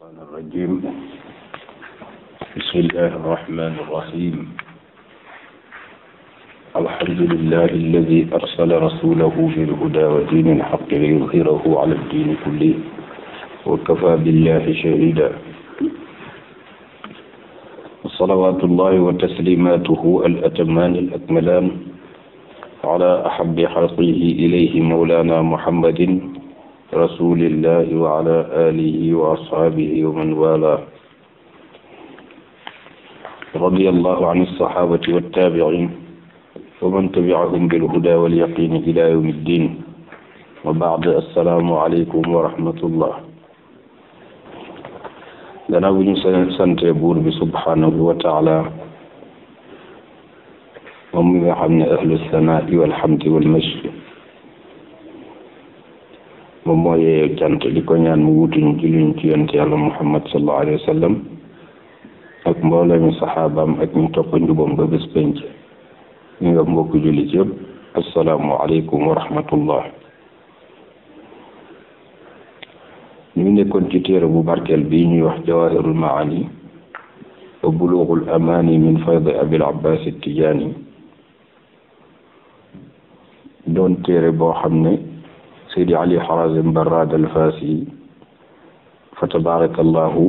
الشيطان الرجيم بسم الله الرحمن الرحيم الحمد لله الذي أرسل رسوله بالهدى ودين الحق ليظهره على الدين كله وكفى بالله شهيدا صلوات الله وتسليماته الأتمان الأكملان على أحب خلقه إليه مولانا محمد rasulillahi wa ala alihi wa ashaabihi wa man waalaahu radiyallahu an as-sahaabati wa taabi'iin wa man tabi'ahum bil hudaa wal yaqiini ilaa yawmi ddiin wa ba'd assalaamu aleykum wa rahmatullah danaa bu ñu sante buur bi subhaanahu wa taala moom mi nga xam ne ahlu sanaa'i wal hamdi wal majdi moom moo yeeyoo cant di ko ñaan mu wutuñ ci luñ ci yonent yàlla muhammad sallallahu alayhi wa sallam ak mboolemi saxaabaam ak ñu topp njubam ba bés penc ñi nga mbokk jullit yëpp asalaamu aleykum wa rahmatullah ñu nekkoon ci téere bu barkeel bi ñuy wax jawahirul maani wa buluugul amaani min faydi abil abbaas tijaani doon téere boo xam ne Seydi Ali Harazim Barrad al-Fasi fa tabarakallahu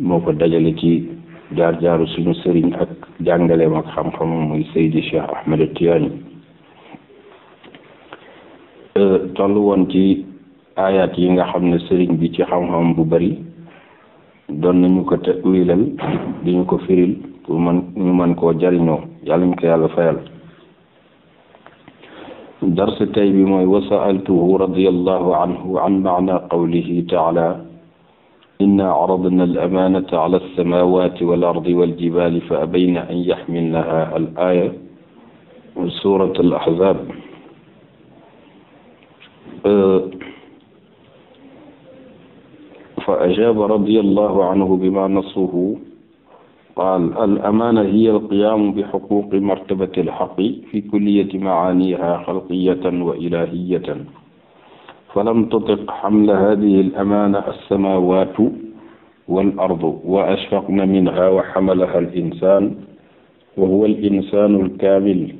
moo ko dajale ci jaar-jaaru suñu sëriñ ak jàngaleem ak xam-xamam muy Seydi Cheikh Ahmed Tiyaani euh, toll woon ci ayat yi nga xam ne sëriñ bi ci xam-xam bu bari doon nañu ko tawilal di ñu ko firil pour man mën koo jariñoo yàlla ñu ko yàlla fayal dars tey bi mooy wa saaltuhu radiyallahu anhu an maana qawlihi taala inna aradna al amaanata ala alsamawati wal ardi wal jibali fa abayna an yaxmilnaha al aya surat al ahzab fa ajaaba radiyallahu anhu bima nasuhu قال الأمانة هي القيام بحقوق مرتبة الحق في كلية معانيها خلقية وإلهية فلم تطق حمل هذه الأمانة السماوات والأرض وأشفقن منها وحملها الإنسان وهو الإنسان الكامل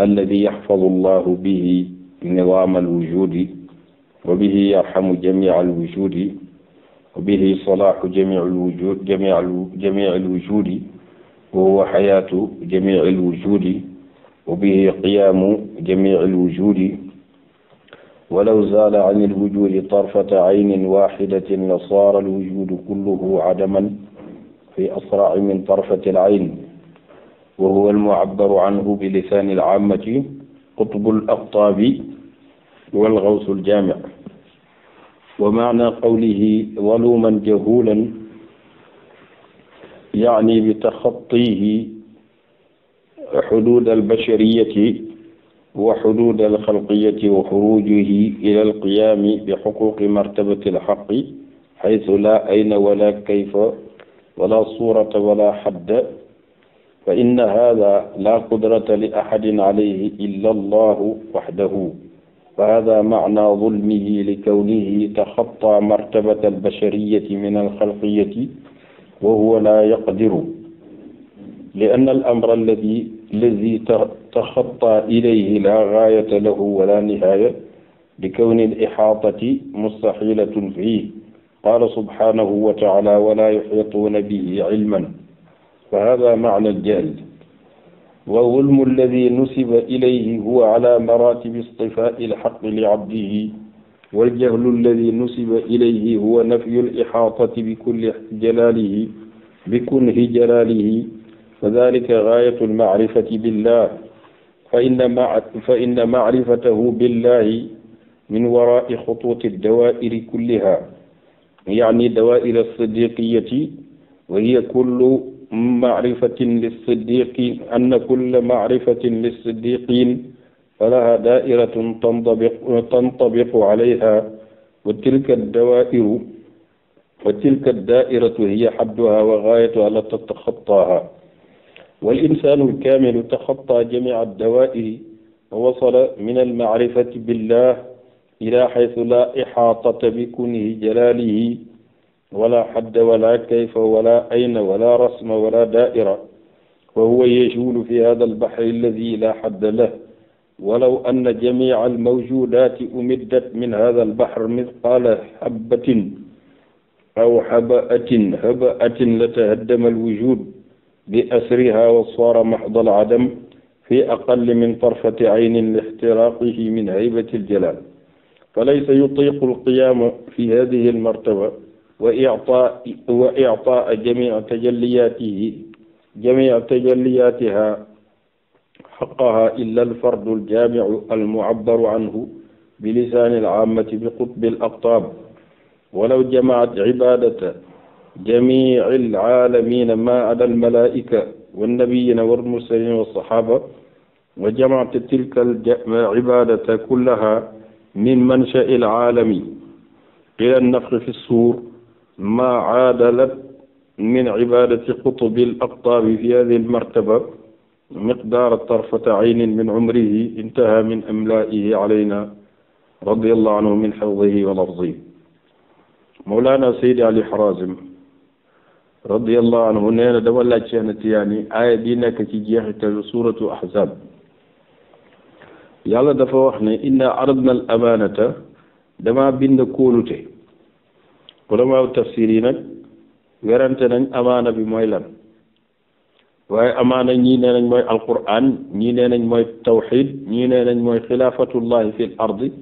الذي يحفظ الله به نظام الوجود وبه يرحم جميع الوجود wa bihi salaahu jamii alwujud jamii alwujudi wa huwa xayaatu jamii alwujudi wa bihi qiyaamu jamii alwujudi walaw zaala an alwujudi tarfata aynin waaxidatin la saara alwujudu kulluhu cadaman fi asraaci min tarfati alayn wa huwa almucabbaru canhu bilisaani alcaamati qutbu alaqtaabi walgawsu aljaamic wa maana qawlihi waluman jahulan yaani bi taxattihi xudud albashariyati wa xudud alxalqiyati wa xurujuhi ila alqiyaami bi xuquqi martabati alxaqi xaytu laa ayna wala kayfa wala suurata wala xadda fa inna hada la qudrata li axadin alayhi illa allahu waxdahu فهذا معنى ظلمه لكونه تخطى مرتبة البشرية من الخلقية وهو لا يقدر لأن الأمر الذي الذي تخطى إليه لا غاية له ولا نهاية لكون الإحاطة مستحيلة فيه قال سبحانه وتعالى ولا يحيطون به علما فهذا معنى الجهل wa zulmu alladi nusiba ilayhi huwa ala maratibi istifaa'i alxaqi li abdihi waljahlu alladi nusiba ilayhi huwa nafyu lixaatati bi kulli jalaalihi bi kunhi jalaalihi fa dalika gaayatu almacrifati billah fa inna ma fa inna macrifatahu billahi min waraai xutuuti addawaa'iri kulliha yani dawaa'ir alsidiqiyati wa hiya kullu macrifatin lissiddiqin anna kulla macrifatin lissiddiqin falaha daa'iratun tantabiqu tantabiqu alayha wa tilka addawaa'iru wa tilka addaa'iratu hiya xadduha wa gaayatuha la tataxattaaha wal insaanu alkaamilu taxattaa jamiica addawaa'iri wa wasala min almacrifati billah ilaa xaysu laa ixaatata bi kunihi jalaalihi ولا حد ولا كيف ولا أين ولا رسم ولا دائرة وهو يجول في هذا البحر الذي لا حد له ولو أن جميع الموجودات أمدت من هذا البحر مثقال حبة أو حبأة هبأة لتهدم الوجود بأسرها وصار محض العدم في أقل من طرفة عين لاحتراقه من هيبة الجلال فليس يطيق القيام في هذه المرتبة wa ictaa wa ictaa jamii tajalliyaatihi jamii tajalliyaatiha xaqaha illa alfardu aljaamiu almucabbaru canhu bilisaani alcaamati biqutbi alaqtaab walaw jamacat cibaadata jamici alcaalamiina ma ada almalaaika wannabiyiina walmursaliin walsaxaaba wa jamacta tilka alcibaadata kullaha min manshai alcaalami ila annafxi fi ssuur ma caadalat min cibaadati qutubi al-aqtaabi fi hadihi al-martaba miqdaara tarfata caynin min cumrihi intaha min imlaa'ihi calayna radiyallahu anhu min xifdihi wa lafdihi Mawlana Seydi Ali Harazim radiyallahu anhu nee na dama laaj Seexna Tijaani aaya bi nekk ci jeexitalu suuratu Ahzaab yàlla dafa wax ne inna aradna al amaanata dama bind kóolute ulamaaw tafsir yi nag werante nañ amaana bi mooy lan waaye amaana ñii ne nañ mooy alquran ñii nee nañ mooy tawxid ñii ne nañ mooy xilaafatullahi fil ardi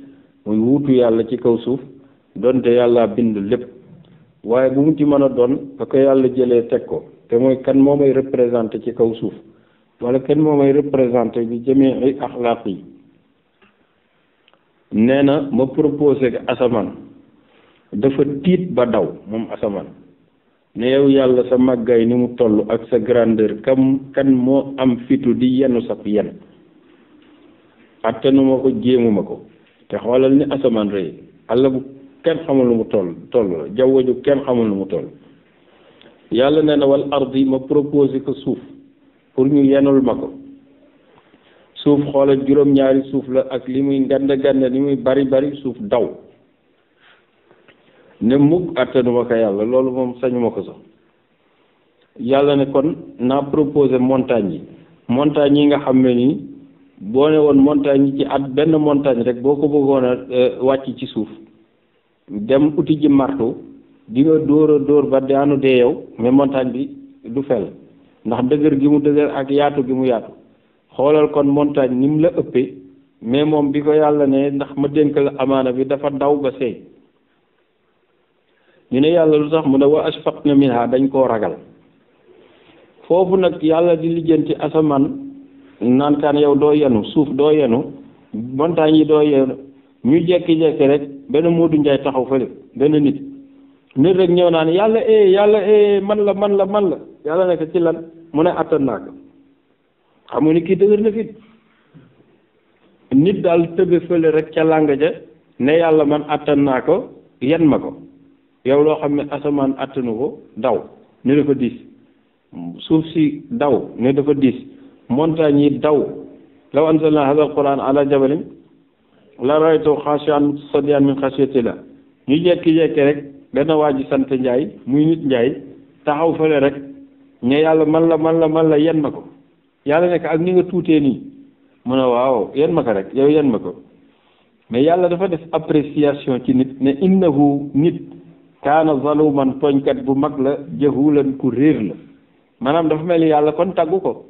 muy wuutu yàlla ci kaw suuf donte yàlla bind lépp waaye bu mu ci mën a doon ba ko yàlla jëlee teg ko te mooy kan moo may représenté ci kaw suuf wala kan moo may représenté bi jamii axlaaq yi nee na ma proposé asamaan dafa tiit ba daw moom asamaan ne yow yàlla sa màggaay ni mu toll ak sa grandeur kam kan moo am fitu di yenu sab yen attanuma ko jéemuma ko te xoolal ni asamaan rëy àlla bu kenn xamul lu mu toll kenn xamul lu mu toll yàlla ne na wal yi ma proposé ko suuf pour ñu yenul ma ko suuf xoolal juróom-ñaari suuf la ak li muy ngand ngand li muy bari bari suuf daw ne mukk attanuma ko yàlla loolu moom sañuma ko sax yàlla ne kon naa proposé montagne yi montagne yi nga xam ne nii boo ne woon montagne yi ci at benn montagne rek boo ko bëggoon euh, wàcc ci suuf dem uti ji marto di nga dóor dóor ba daanu dee yow mais montagne bi du fel ndax dëgër gi mu dëgër ak yaatu gi mu yaatu xoolal kon montagne ni mu la ëppee mais moom bi ko yàlla ne ndax ma dénk la amaana bi dafa daw ba seey ñu ne yàlla lu tax mu ne wa ashfaqna minha dañ koo ragal foofu nag yàlla di lijjanti asamaan naan kaan yow doo yenu suuf doo yenu montagne yi doo yenu ñu jekki-jekki rek benn Moodu Njaay taxaw fële benn nit nit rek ñëw naa yàlla eh yàlla eh man la man la man la yàlla nekk ci lan mu ne àttanaa ko xam ni kii dëgër na fit nit daal tëbe fële rek ca làng ja ne yàlla man attan naa ko yen ma ko yow loo xam ne asamaan attanu ko daw ne dafa diis suuf si daw ne dafa diis montagne yi daw law anzalna hadha alquran ala jabalin la raytu xaashian mutasaddian min xashiyatillah ñu jekki-jekki rek benn waa ji Njaay muy nit Njaay taxaw fële rek ñe yàlla man la man la man la yen ma ko yàlla nekk ak ni nga tuutee nii mu ne waaw yen ma ko rek yow yen ma ko mais yàlla dafa def appréciation ci nit ne innahu nit kaana zaluman tooñkat bu mag la jahulan ku réer la maanaam dafa mel ni yàlla kon taggu ko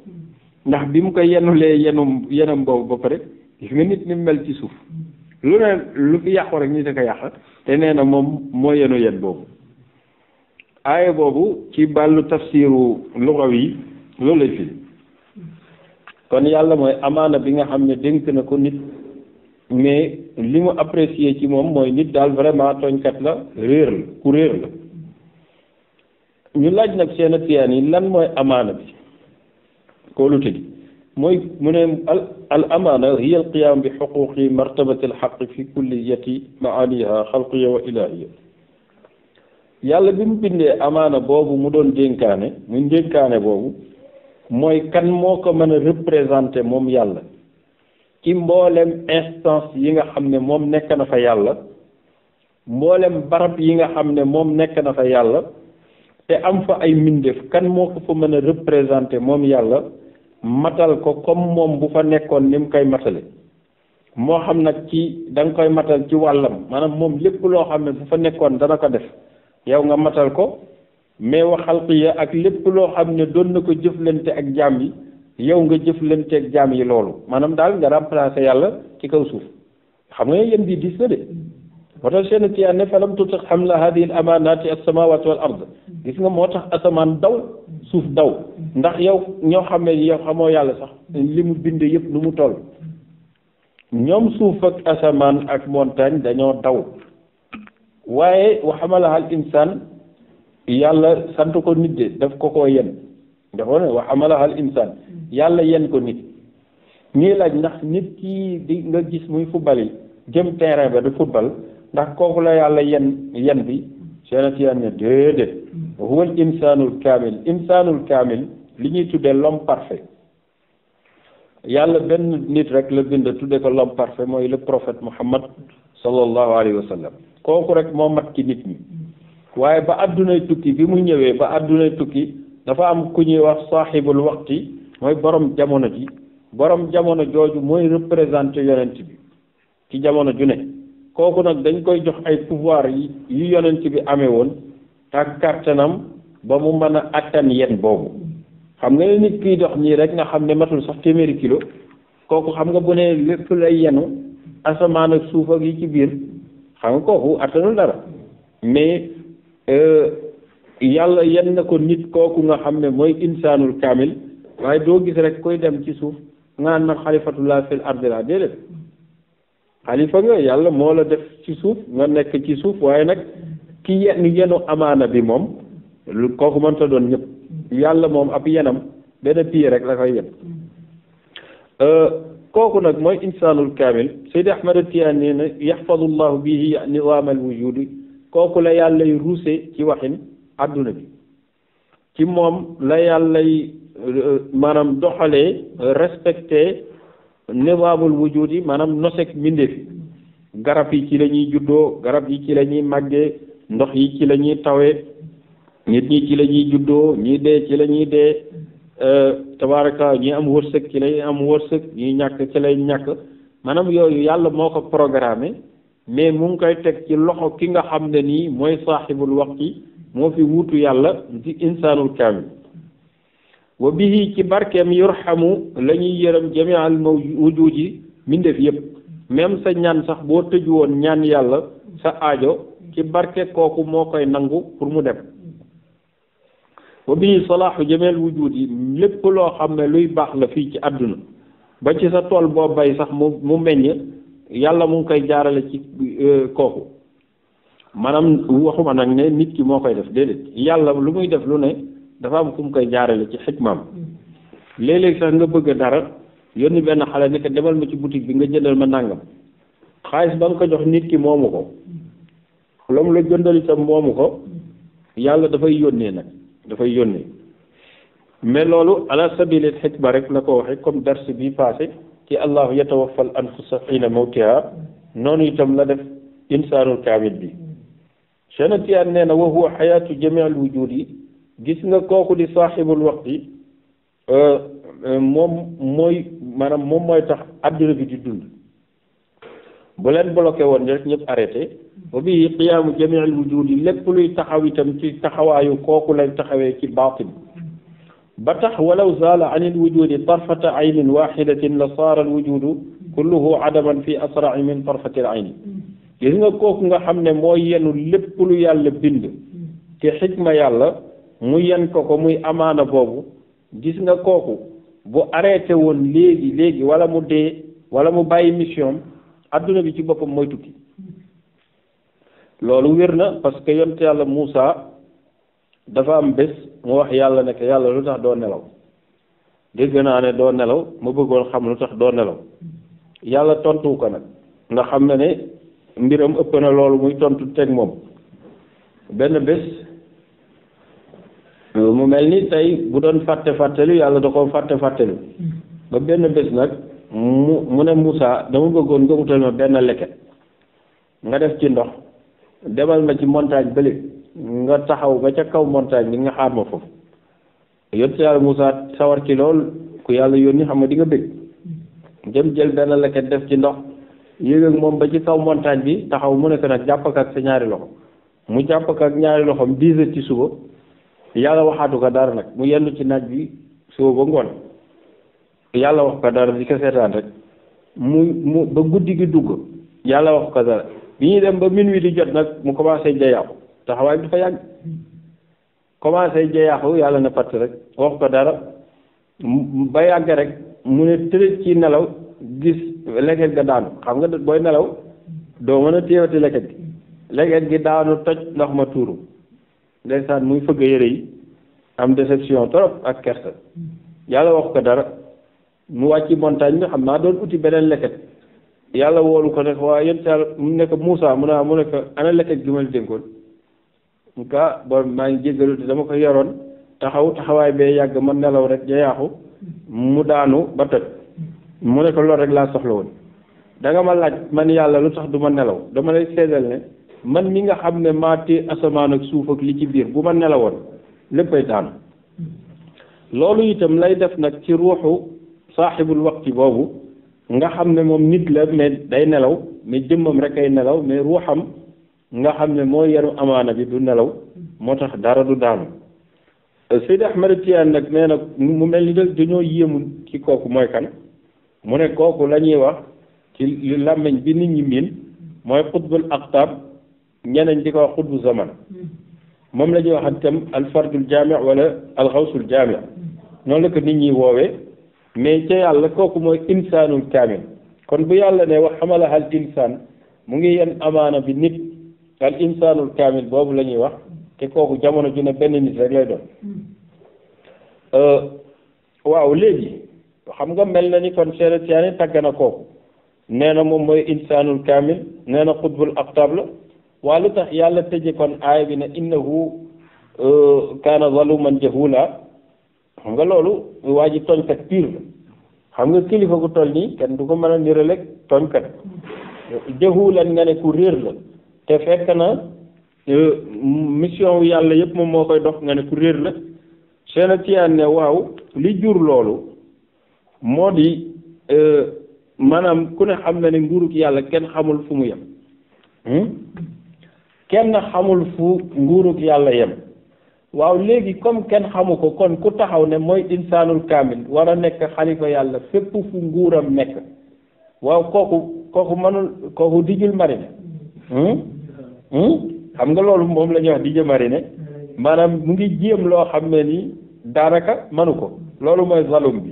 ndax bi mu ko yenulee yenum yenum boobu ba pare gis nga nit ni mel ci suuf lu ne lu fi yàqu rek ñu di ko yàq te nee na moom moo yenu yen boobu aaya boobu ci bàllu tafsiru lugaw yi loolu lay firi kon yàlla mooy amaana bi nga xam ne dénk na ko nit mais li mu apprécié ci moom mooy nit daal vraiment tooñkat la réer la ku réer la ñu laaj nag seen tiyaan yi lan mooy amaana bi kóolute gi mooy mu ne al amaana hiya al qiyaam bi xuquqi martabati al xaq fi kulliyati maaniha xalqiya wa ilahiya yàlla bi mu bindee amaana boobu mu doon dénkaane muy dénkaane boobu mooy kan moo ko mën a représenté moom yàlla ci mboolem instance yi nga xam ne moom nekk na fa yàlla mboolem barab yi nga xam ne moom nekk na fa yàlla te am fa ay mbindeef kan moo ko fa mën a représenter moom yàlla matal ko comme moom bu fa nekkoon ni mu koy matale moo xam nag ci da koy matal ci wàllam maanaam moom lépp loo xam ne bu fa nekkoon dana ko def yow nga matal ko mais waxal xalqiya ak lépp loo xam ne doon na ko jëflante ak jaam yi yow nga jëflanteeg jaam yi loolu maanaam daal nga remplacer yàlla ci kaw suuf xam nga yéen bii diis na de moo tax seen tiyaan ne falam tutix xamla hadihi al amanati alsamawati ard gis nga moo tax asamaan daw suuf daw ndax yow ñoo xam ne yow xamoo yàlla sax li mu bind yëpp nu mu toll ñoom suuf ak asamaan ak montagne dañoo daw waaye wax xamalaha al insaan yàlla sant ko nit de daf ko koo yen dafa ne wa xamalaha al insaan yàlla yenn ko nit ñuy laaj ndax nit kii di nga gis muy football yi jëm terrain ba di football ndax kooku la yàlla yenn yenn bi seena siyaan ne déedéet huwal insaanul kaamil insaanul kaamil li ñuy tuddee l'homme parfait yàlla benn nit rek la bind tudde ko l'homme parfait mooy le prophète Muhammad sallallahu alayhi wa kooku rek moo mat ci nit ñi waaye ba addunay tukki bi mu ñëwee ba addunay tukki dafa am ku ñuy wax saaxibul waqti mooy borom jamono ji borom jamono jooju mooy représenté yonent bi ci jamono ju ne kooku nag dañ koy jox ay pouvoir yi yu yonent bi amee woon ak kàttanam ba mu mën a attan yenn boobu xam nga ne nit kiy dox nii rek nga xam ne matul sax téeméeri kilo kooku xam nga bu ne lépp lay yenu asamaan ak suuf ak yi ci biir xam nga kooku attanul dara mais euh, yàlla yen na ko nit kooku nga xam ne mooy insaanul kaamil waaye doo gis rek kuy dem ci suuf nga naan man xalifatullah fil ardi la déedéet xalifa nga yàlla moo la def ci suuf nga nekk ci suuf waaye nag ki yenn yenu amaana bi moom lu kooku mënta doon ñëpp yàlla moom ab yenam benn pii rek la koy yen euh, kooku nag mooy insaanul kaamil Seydi Ahmad Tijaan nee na yaxfadu llahu bihi niwaamal kooku la yàllay ruuse ci waxin àdduna bi ci moom la yàllay maanaam doxalee respecté nizaamul wujud yi maanaam nosek mbindeef garab yi ci lañuy juddoo garab yi ci la ñuy màggee ndox yi ci la ñuy tawee nit ñi ci lañuy juddoo ñii dee ci la ñuy dee euh, tabaraka ñi am wërsëg ci lay am wërsëg ñi ñàkk ci lay ñàkk maanaam yooyu yàlla moo ko programmé mais mu koy teg ci loxo ki nga xam ne nii mooy saaxibul waqti moo fi wuutu yàlla di insaanul kaamil wa bihi ci barkeem yurhamu la lañuy yërëm jamial mawjuudi mbindeef yépp même sa ñaan sax boo tëju woon ñaan yàlla sa aajo ci barke kooku moo koy nangu pour mu dem wa bihi salaahu jamial wujuudi lépp loo xam ne luy baax la fii ci àdduna ba ci sa tool boo bay sax mu meññ yàlla mu ngi koy jaarale ci euh, kooku maanaam waxuma nag ne nit ki moo koy def déedéet yàlla lu muy def lu ne dafa am fu mu koy jaarale ci xikmaam léeg-léeg sax nga bëgg dara yónni benn xale ne demal ma ci boutique bi nga jëndal ma nàngam xaalis ba nga ko jox nit ki moomu ko loolu la jëndal itam moomu ko yàlla dafay yónnee nag dafay yónnee mais loolu ala sabilil xikma rek la ko waxee comme dars bi passé ci allahu yatawaffal anfusa xiina mawtiha noonu itam la def insaanul kaamil bi Cheikh Tijaan nee na wa huwa xayaatu jamii al wujud yi gis nga kooku di saaxibul waxti euh, euh, moom mooy maanaam moom mooy tax adduna bi di dund bu leen bloqué woon rek ñëpp arrêté ba bii qiyaamu jamiil wujudi lépp luy taxaw itam ci taxawaayu kooku lay taxawee ci baatin ba tax walaw zaala an il wujudi tarfata aynin waxidatin la saara al wujudu kulluhu adaman fi asrai min tarfati ayni gis nga kooku nga xam ne mooy yenu lépp lu yàlla bind te xikma yàlla mu yen ko ko muy amaana boobu gis nga kooku bu arrêté woon léegi léegi wala mu dee wala mu bàyyi mission àdduna bi ci boppam mooy tukki loolu wér na parce que yonte yàlla Moussa dafa am bés mu wax yàlla ne yàlla lu tax doo nelaw dégg naa ne doo nelaw ma bëggoon xam lu tax doo nelaw yàlla tontuwu ko nag nga xam ne ne mbiram ëpp na loolu muy tontu teg moom benn bés Euh, mu mel ni tey bu doon fàtte fàttelu yàlla da koo fàtte fàttelu hmm. ba benn bés nag mu mu ne Moussa dama bëggoon nga wutal ma benn leket nga def ci ndox demal ma ci montagne bële nga taxaw ba ca kaw montagne bi nga xaar ma foofu yónni yàlla musaa sawar ci lool ku yàlla yónni xam nga di nga bëgg jëm hmm. jël benn leket def ci ndox yéeg ak moom ba ci kaw montagne bi taxaw mu nekk ko nag jàpp ak sa ñaari loxo mu jàpp ak ñaari loxoom 10 heures suba. yàlla waxaatu ko dara nag mu yendu ci naaj bi suba ba ngoon yàlla wax ko dara di ko seetaan rek mu mu ba guddi gi dugg yàlla wax ko dara bi ñuy dem ba minuit di jot nag mu commencé jayaaxu taxawaay bi dafa yàgg commencé jayaaxu yàlla na patt rek wax ko dara ba yàgg rek mu ne tërëj ci nelaw gis ga daanu xam nga booy nelaw doo mën a téewati gi leket gi daanu toj ndox ma tuuru ndeysaan muy fëgg yére yi am déception trop ak kersa yàlla wax ko dara mu wàcc montagne bi xam naa doon uti beneen leket yàlla woolu ko ne waa yéen saa mu nekk Moussa mu ne mu nekk ana leket gi ma la dénkoon mu kaa ah, borom maa ngi jéggalu dama ko yoroon taxaw taxawaay bee yàgg ma nelaw rek ja mu daanu ba toj mu ne lool rek laa soxla woon da nga ma laaj man yàlla lu tax du ma nelaw dama lay seedal ne. man mi nga xam ne ma tee asamaan ak suuf ak li ci biir bu ma nelawoon léppay daanu loolu itam lay def nag ci ruuxu saaxibul waqti boobu nga xam ne moom nit la mais day nelaw mais jëmmam rek ay nelaw mais ruuxam nga xam ne moo yaru amaana bi du nelaw moo tax dara du daanu Seydi Ahmed Tidiane nag nee nag mu mel ni nag dañoo yéemu ci kooku mooy kan mu ne kooku la ñuy wax ci làmmiñ bi nit ñi miin mooy xutbul aqtab ñeneen di ko wax xutbu zaman moom la ñuy wax itam alfardul jaami wala alxawsul jaami noonu la ko nit ñi woowee mais ca yàlla kooku mooy insaanul kaamil kon bu yàlla ne wax xamalaha al insaan mu ngi yenn amaana bi nit al insaanul kaamil boobu la ñuy wax te kooku jamono ju ne benn nit rek lay doon hmm. euh, waaw léegi xam nga mel na ni kon seere siyaani tàgg na kooku nee na moom mooy insaanul kaamil nee na ak aqtab la waa lu tax yàlla tëje kon aaya bi ne innahu euh, kaana zaluman jahula xam nga loolu waa ji tooñkat pire la xam nga kilifa gu toll nii kenn du ko mën a niraleeg tooñkat jahulan nga ne ku réer la te fekk na euh, mission yàlla yëpp moom moo koy dox nga ne ku réer la seena tiyaan ne waaw li jur loolu moo di euh, maanaam ku ne xam na nguuru nguurug yàlla kenn xamul fu mu yem hmm? kenn xamul fu nguuru yàlla yem waaw léegi comme kenn xamu ko kon ku taxaw ne mooy insaanul kaamil war a nekk xalifa yàlla fépp fu nguuram nekk waaw kooku kooku mënul kooku dijul marine hmm? Hmm? xam nga loolu moom la ñuy wax dije marine maanaam mu ngi jéem loo xam ne nii daanaka mënu ko loolu mooy zalum bi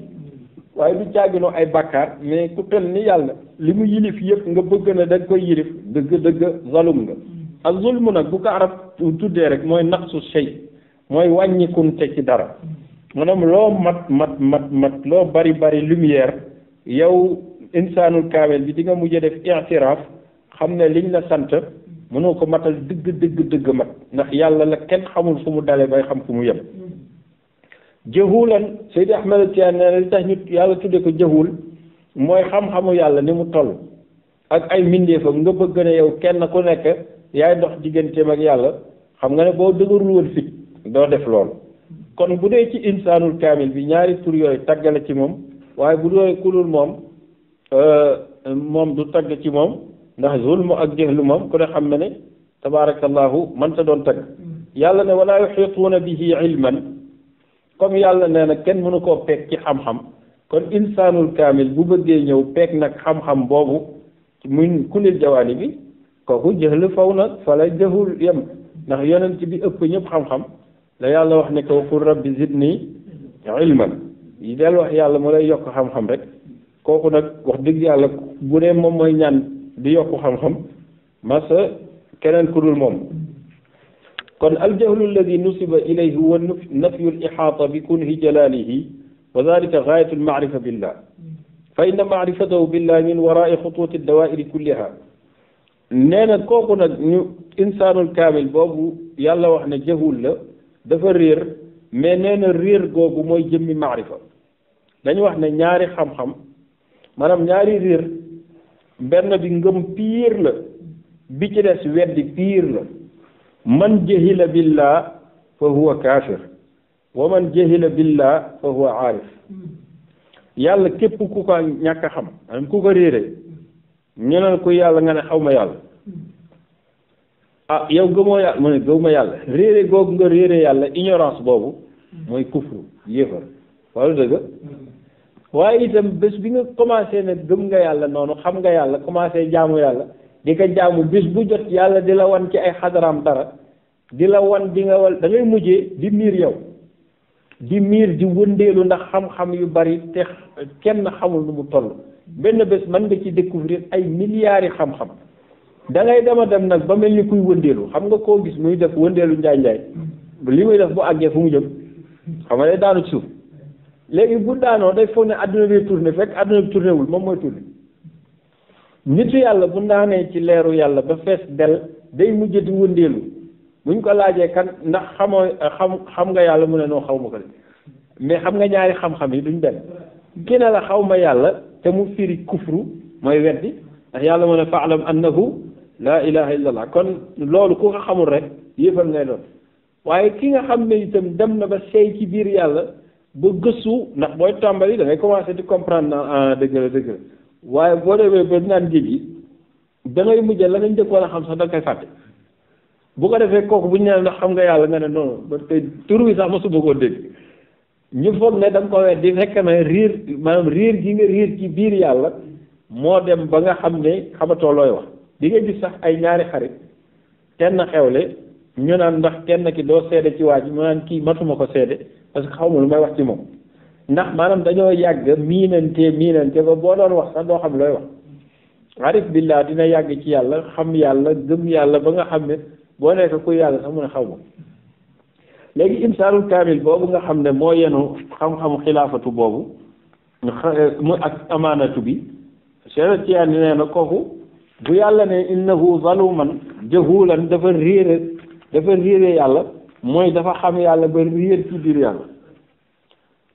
waaye du caagino ay bakkaar mais ku tël ni yàlla li mu yilif yëpp nga bëgg na da koy yilif dëgg dëgg zalum nga ak zulmu nag bu ko arab tuddee rek mooy naqsu shay mooy wàññikunte ci dara maanaam loo mat mat mat mat loo bari bari lumière yow insaanul kaamel bi di nga mujj def itiraaf xam ne liñ la sant mënoo ko matal dëgg dëgg dëgg mat ndax yàlla la kenn xamul fu mu dale bay xam fu mu yem jëhulan Seydi Ahmed Tidiane nee yàlla tudde ko jëhul mooy xam-xamu yàlla ni mu toll ak ay mbindeefam nga bëgg ne yow kenn ku nekk yaay dox digganteem ak yàlla xam nga ne boo dëgërul woon fit doo def loolu kon bu dee ci insaanul kaamil bi ñaari tur yooyu taggale ci moom waaye bu dee kulul moom euh, moom du tagg ci moom ndax zulmu ak jëhlu moom ku ne xam ne ne tabaarakallahu man ta doon tagg yàlla ne walaa yuxituuna bihi man comme yàlla nee na kenn mënu koo peeg ci xam-xam kon insaanul kaamil bu bëggee ñëw peeg nag xam-xam boobu mu kulil jawaani bi kooku jëxlu faw na fala jëxul yem ndax yonent bi ëpp ñëpp xam-xam la yàlla wax ne ko qul rabbi zidni ilman yi del wax yàlla mu lay yokk xam-xam rek kooku nag wax dëgg yàlla bu dee moom mooy ñaan di yokk xam-xam masa keneen ku dul moom kon aljahlu alladi nusiba ilayhi wa nafyu lixaata bi kunhi jalaalihi wa dalika gaayatu almaarifa billah fa inna maarifatahu billah min waraai xutuuti dawaairi kulliha nee na kooku nag ñu insaanul kaamil boobu yàlla wax na jahul la dafa réer mais nee na réer googu mooy jëmmi maarifa dañu wax ne ñaari xam-xam maanaam ñaari réer benn bi ngëm piir la bi ci des weddi piir la man jahila billah fa huwa kaafir wa man jahila billah fa huwa aarif yàlla képp ku ko ñàkk xam maanaam ku ko réere ñu ne ko yàlla nga ne xaw ma yàlla ah yow gëmoo yàlla mu ne gëw ma yàlla réere googu nga réere yàlla ignorance boobu mooy kufru yéefar wala dëgg waaye itam bés bi nga commencé ne gëm nga yàlla noonu xam nga yàlla commencé jaamu yàlla di ko jaamu bés bu jot yàlla di la wan ci ay xadaraam dara di la wan di nga wal da mujjee di miir yow di miir di wëndeelu ndax xam-xam yu bari te kenn xamul nu mu toll benn bés man nga ci découvrir ay milliards yi xam-xam da ngay dem nag ba mel ni kuy wëndeelu xam nga koo gis muy def wëndeelu njaay njaay li muy def bu àggee fu mu jëm xam nga day daanu ci suuf léegi bu daanoo de foog ne àdduna bi tourné fekk àdduna bi moom mooy tourné nitu yàlla bu naanee ci leeru yàlla ba fees del day mujj di wëndeelu buñ ko laajee kan ndax xamoo xam xam nga yàlla mu ne noo xaw ma ko de mais xam nga ñaari xam-xam yi duñ benn ki yàlla te mu firi kufru mooy weddi ndax yàlla moo ne faalam annahu laa ilaha illa allah kon loolu ku ko xamul rek yéefal ngay doon waaye ki nga xam ne itam dem na ba seey ci biir yàlla ba gëstu ndax booy tàmbali da ngay commencé di comprendre na ah, dëgg la dëgg la waaye boo demee ba naan jib yi da ngay mujjee la nga njëkkoon a xam sax da fàtte bu ko defee kooku bu ñu naan xam nga yàlla nga ne noonu ba tey tur wi sax mosuma koo dégg ñu foog ne da nga ko weddi fekk na riir maanaam riir gi nga riir ci biir yàlla moo dem ba nga xam ne xamatoo looy wax di nga gis sax ay ñaari xarit kenn xewle ñu naan ndax kenn ki doo seede ci waa ji mu naan kii matuma ko seede parce que xaw ma lu may wax ci moom ndax maanaam dañoo yàgg miinante miinante ba boo doon wax sax doo xam looy wax arif billaa dina yàgg ci yàlla xam yàlla gëm yàlla ba nga xam ne boo nekk ku yàlla sax mu ne xaw ma léegi insaanul kaamil boobu nga xam ne moo yenu xam-xamu xilaafatu boobu mu ak amaanatu bi Cheikh Tiyaani nee na kooku bu yàlla ne innahu zaluman jahulan dafa réere dafa réere yàlla mooy dafa xam yàlla ba réer ci biir yàlla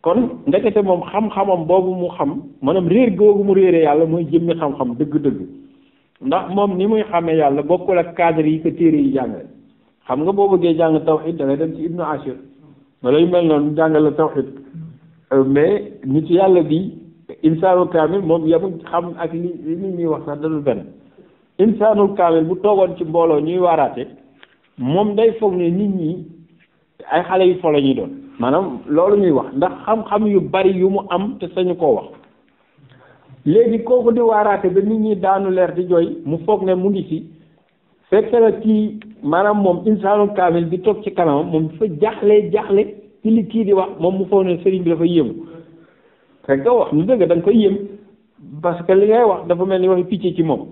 kon ndekete moom xam-xamam boobu mu xam maanaam réer googu mu réere yàlla mooy jëmmi xam-xam dëgg-dëgg ndax moom ni muy xamee yàlla bokkul ak cadre yi ko téere yi jàngale xam nga boo bëggee jàng tawxid da ngay dem ci ibnu ashir ma lay mel noonu jàngale tawxid euh, mais nit yàlla bi insaanul kaamil moom yamu xam ak li li nit ñuy wax sax dadul benn insaanul kaamil bu toogoon ci mbooloo ñuy waaraate moom day foog ne nit ñi ay xale yu fo la doon maanaam loolu ñuy wax ndax xam-xam yu bari yu mu am te sañu ko wax léegi kooku di waaraate ba nit ñi daanu leer di jooy mu foog ne mu ngi ci fekk na kii maanaam moom insaanu kaamil bi toog ci kanamam moom dafa jaaxle jaaxle ci li kii di wax moom mu foog ne sëriñ bi dafa yéemu fekk wax nu koy yéem parce que li ngay wax dafa mel ni waxi picc ci moom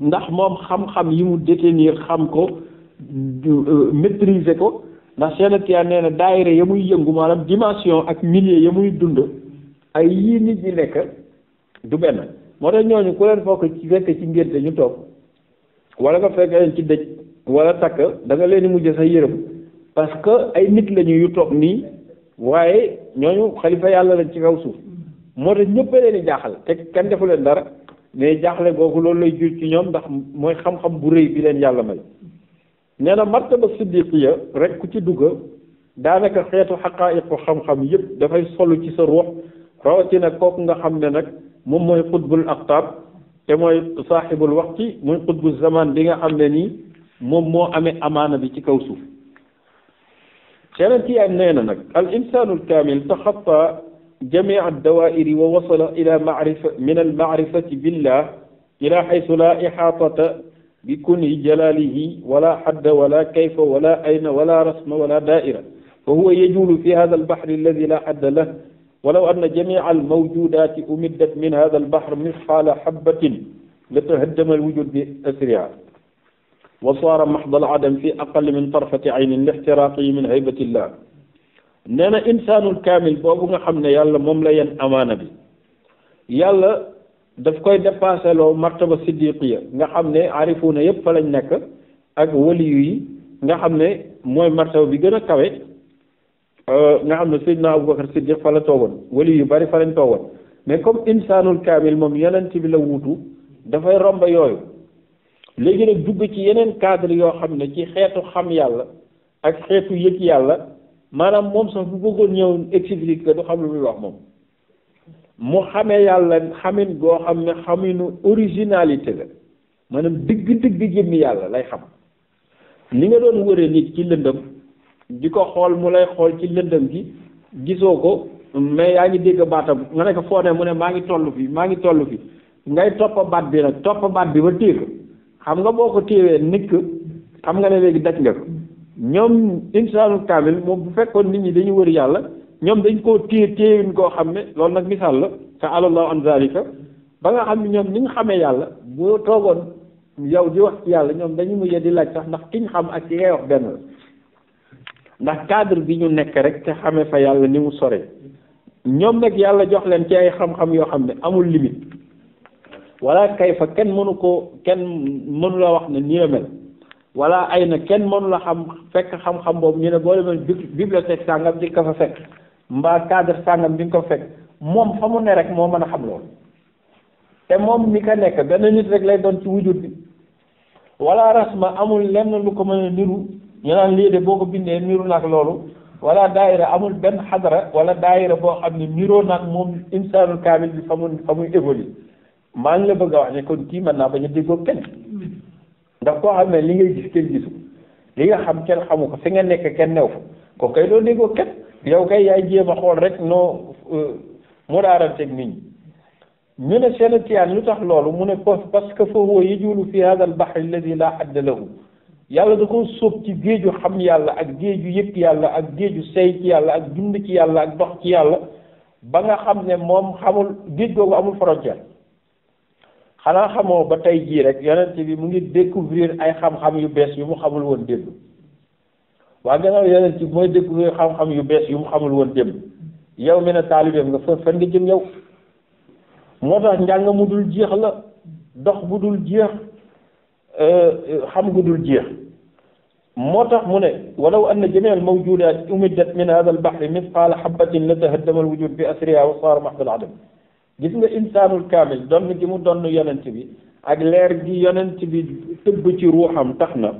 ndax moom xam-xam yi mu détenir xam ko euh, maîtriser ko ndax seen tiyaa nee na daayira ya muy yëngu maanaam dimension ak milieu ya muy dund ay yii nit ñi nekk du benn moo tax ñooñu ku leen fokk ci ci ngénte ñu toog wala nga fekk leen ci dëj wala takk danga nga leen mujj sa yërëm parce que ay nit lañu yu toog nii waaye ñooñu xalifa yàlla lañ ci kaw suuf moo tax ñëpp leen di jaaxal te kenn defu leen dara mais jaaxle googu loolu lay jur ci ñoom ndax mooy xam-xam bu rëy bi leen yàlla may nee na martaba rek ku ci dugg daanaka xeetu xaqaayiqu xam-xam yëpp dafay solu ci sa ruux rawatina kooku nga xam ne nag moom mooy xutbul aqtaab te mooy saaxibul waxti muy xutbu zaman bi nga xam ne nii moom moo amee amaana bi ci kaw suuf yeneen tiyaam nee na nag al insaanu al kaamil taxatta jamia addawairi wa wasala ila maarifa min al maarifati billah ila xaysu la ixaatata bi kuni jalaalihi wala xadda wala kayfa wala ayna wala rasma wala daaira fa huwa yajulu fi hada al baxri alladi la xadda lah walaw anna jamia almawjudati umiddat min hada albahr misxaala habatin la tahaddama alwujud bi asriha wa saara maxda aladam fi aqal min tarfati aynin lixtiraqihi min haybatillah nee na insaanul kaamil boobu nga xam ne yàlla moom la yenn amaana bi yàlla daf koy dépassé loo martaba siddiqiya nga xam ne arifuuna yépp fa lañ nekk ak waliyu yi nga xam ne mooy martaba bi gën a kawe Euh, nga xam ne Seydina Abubakar Siddiq fa la toogoon wali yu bari fa lañ toogoon mais comme insaanul kaamil moom yonent bi la wuutu dafay romb yooyu léegi nag dugg ci yeneen cadre yoo xam ne ci xeetu xam yàlla ak xeetu yëg yàlla maanaam moom sax bu bëggoon ñëw expliquer du xam lu muy wax moom mu xamee yàlla xamin goo xam ne xaminu originalité la maanaam digg dëgg jëmmi yàlla lay xam li nga doon wëre nit ci lëndëm di ko xool mu lay xool ci lëndëm gi gisoo ko mais yaa ngi dégg baatam nga nekk ko foo ne mu ne maa ngi toll fi maa ngi toll fi ngay toppa baat bi nag toppa baat bi ba téye xam nga boo ko téyewee nikk xam nga ne léegi daj nga ko ñoom insaanul kaamil moom bu fekkoon nit ñi dañu wër yàlla ñoom dañ koo téye téyewin koo xam ne loolu nag misaal la te alallahu an zalika ba nga xam ne ñoom ni nga xamee yàlla boo toogoon yow di wax ci yàlla ñoom dañu mujjee di laaj sax ndax ki xam ak ki ngay wax benn la ndax cadre bi ñu nekk rek te xamee fa yàlla ni mu sore ñoom nag yàlla jox leen ci ay xam-xam yoo xam ne amul limite wala kay fa kenn mënu ko kenn mënu wax ne nii la mel wala ay na kenn mënula la xam fekk xam-xam boobu ñu ne boo demee bibliothèque sàngam di ko fa fekk mbaa cadre sàngam bi nga ko fekk moom fa mu ne rek moo mën a xam loolu te moom mi ka nekk benn nit rek lay doon ci wujur bi wala rasma amul lenn lu ko mën a niru ñu naan de boo ko bindee niru nag loolu wala daayira amul benn xadara wala daayira boo xam ne niroo nag moom insaanul kaamil bi fa mu fa muy bëgg a wax ne mën naa bañ a déggoo kenn ndax koo xam ne li ngay li nga xam kenn xamu ko fi nga nekk kenn new ko kay yow kay yaay jéem a xool rek noo euh, mu daaranteeg nit ñi ñu ne tiyaan lu tax loolu mu ne parce que fa huwa yajulu fi hada al bahri alladi la hadda lahu yàlla da koo sóob ci géeju xam yàlla ak géeju yëg yàlla ak géeju sey ci yàlla ak dund ci yàlla ak dox ci yàlla ba nga xam ne moom xamul géej googu amul frontière xanaa xamoo ba tey jii rek yonent bi mu ngi découvrir ay xam-xam yu bees yu mu xamul woon démb waa gannaaw yonent bi mooy découvrir xam-xam yu bees yu mu xamul woon démb yow mi ne taalibeem nga fa fan nga jëm yow moo tax njàng mu dul jeex la dox bu dul jeex Euh, xam gu dul jeex moo tax mu ne walaw anna jamia al mawjudat umiddat min hada al bahri misqaala habatin la tahaddama al wujud bi asriha wa saara mahdal adam gis nga insaanul kaamil donn gi mu donn yonent bi ak leer gi yonent bi tëbb ci ruuxam tax na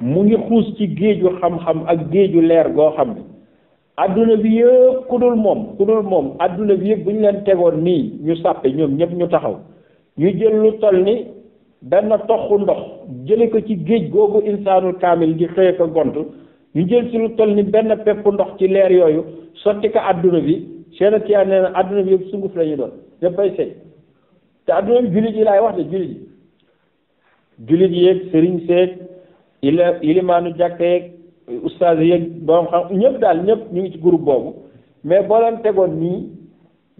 mu ngi ci géeju xam-xam ak géeju leer goo xam ne adduna bi yëpp ku dul moom ku dul moom adduna bi yëpp bu ñu leen tegoon nii ñu sàppe ñoom ñëpp ñu taxaw ñu jël lu toll ni benn toxu ndox jële ko ci géej googu insaanu kaamil di xëy ko gont ñu jël si lu toll ni benn pepp ndox ci leer yooyu sotti ko àdduna bi seena tiyaa nee na adduna bi yëpp sunguf la ñu doon yëppay sëy te adduna bi jullit yi laay wax de jullit yi jullit yeeg sëriñ seeg ila ilimaanu jàkk yeeg ustaas yeeg borom xam ñëpp daal ñëpp ñu ngi ci groupe boobu mais boo leen tegoon nii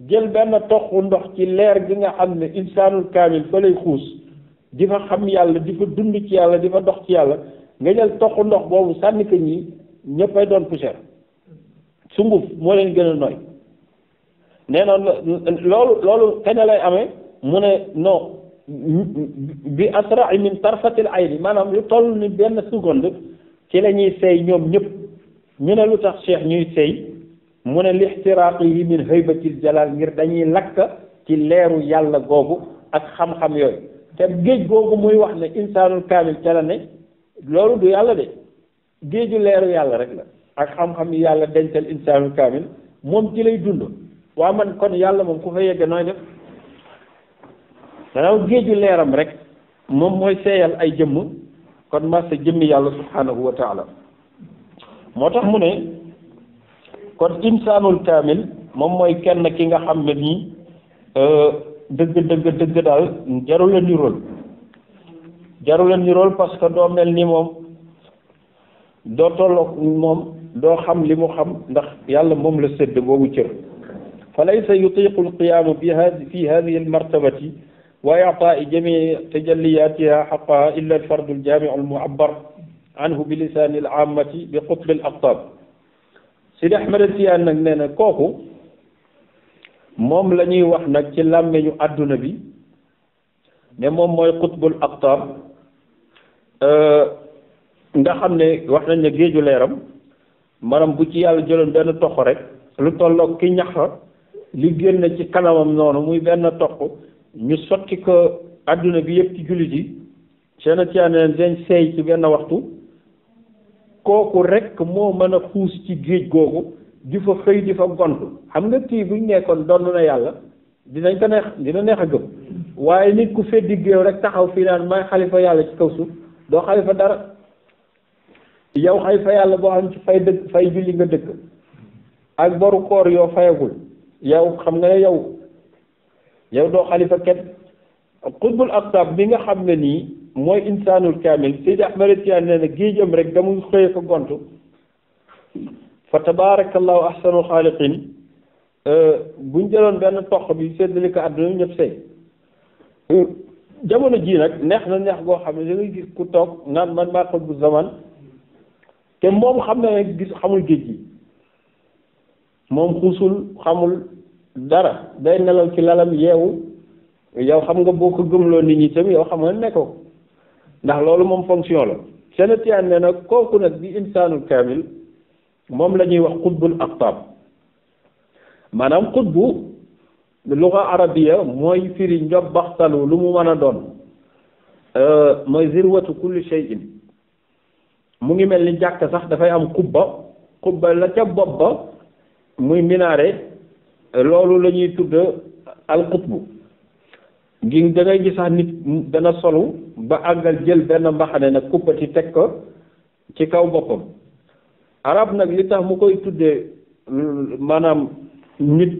jël benn toxu ndox ci leer gi nga xam ne insaanul kaamil fa lay xuus di fa xam yàlla di fa dund ci yàlla di fa dox ci yàlla nga jël toqu ndox boobu sànni ko ñi ñëppay doon poussière sunguf moo leen gën a nooy nee na loolu loolu kañ lay amee mu ne non bi asra'i min tarfatil ayni maanaam lu toll ni benn seconde ci la ñuy ñoom ñëpp ñu ne lu tax cheikh ñuy seey mu ne lixtiraaqi yi min haybatil jalal ngir dañuy lakk ci leeru yàlla googu ak xam-xam yooyu te géej googu muy wax ne insaanul kaamil ca la ne loolu du yàlla de géeju leeru yàlla rek la ak xam-xam yi yàlla dencal insaanul kaamil moom ci lay dund waa man kon yàlla moom ku fa yegg nooy def maanaam géeju leeram rek moom mooy seeyal ay jëmm kon massa jëmm yàlla subhanahu wa moo tax mu ne kon insaanul kaamil moom mooy kenn ki nga xam ne nii euh, dëgg dëgg dëgg daal jaru la nirool jaru la nirool parce que doo mel ni moom doo tolloog moom doo xam li mu xam ndax yàlla moom la sédd boobu cër fa laysa yutiqu alqiyaamu bi hadi fi hadihi almartabati wa ictaai jamii tajalliyatiha xaqaha illa alfardu aljaamiu almuabbar anhu bi lisaani alaamati bi qutbi alaqtaab Sidi Ahmed Tidiane nag nee na kooku moom la ñuy wax nag ci làmmeñu àdduna bi ne moom mooy xutbul aktar euh, nga xam ne wax nañ ne géeju leeram maanaam bu ci yàlla jëloon benn toq rek lu tolloog ki ñax li génn ci kanamam noonu muy benn toq ñu sotti ko àdduna bi yëpp ci jullit yi seen tiyaaneen dañ seey ci benn waxtu kooku rek moo mën a xuus ci géej googu di fa xëy di fa gontu xam nga kii buñ nekkoon donn na yàlla dinañ ko neex dina neex a gëm waaye nit ku feddi géew rek taxaw fii naan may xalifa yàlla ci kaw suuf doo xalifa dara yow xalifa yàlla boo xam ci fay dëkk fay julli nga dëkk boru koor yoo fayagul yow xam nga ne yow yow doo xalifa kenn xutbul aktab bi nga xam ne nii mooy insaanul kaamil Seydi Ahmad Tijaan nee na géejam rek damuy xëy fa gontu fa tabarakallahu ahsanul xaaliqin euh, buñ jëloon benn toq bi séddale ko àdduna ñëpp sëy euh, jamono jii nag neex na neex goo xam ne da ngay gis ku toog naan man maa ko bu zaman te moom xam na ne gis xamul géej gi moom xuusul xamul dara day nelaw ci lalam yeewu yow xam nga boo ko gëmloo nit ñi tam yow xam nga ne ndax loolu moom fonction la seen tiyaan ne nag kooku nag bi insaanul kaamil moom la ñuy wax xutbul aqtab maanaam xutbu luga arabiya mooy firi njobbaxtalu lu mu mën a doon euh, mooy zirwatu kulli shay'in mu ngi mel ni jàkk sax dafay am xubba xubba la ca bopp ba muy minaare loolu lañuy ñuy tudd alxutbu ngi da ngay nit dana solu ba àggal jël benn mbaxane nag kubba ci teg ko ci kaw boppam arab nag li tax mu koy tuddee mm, maanaam nit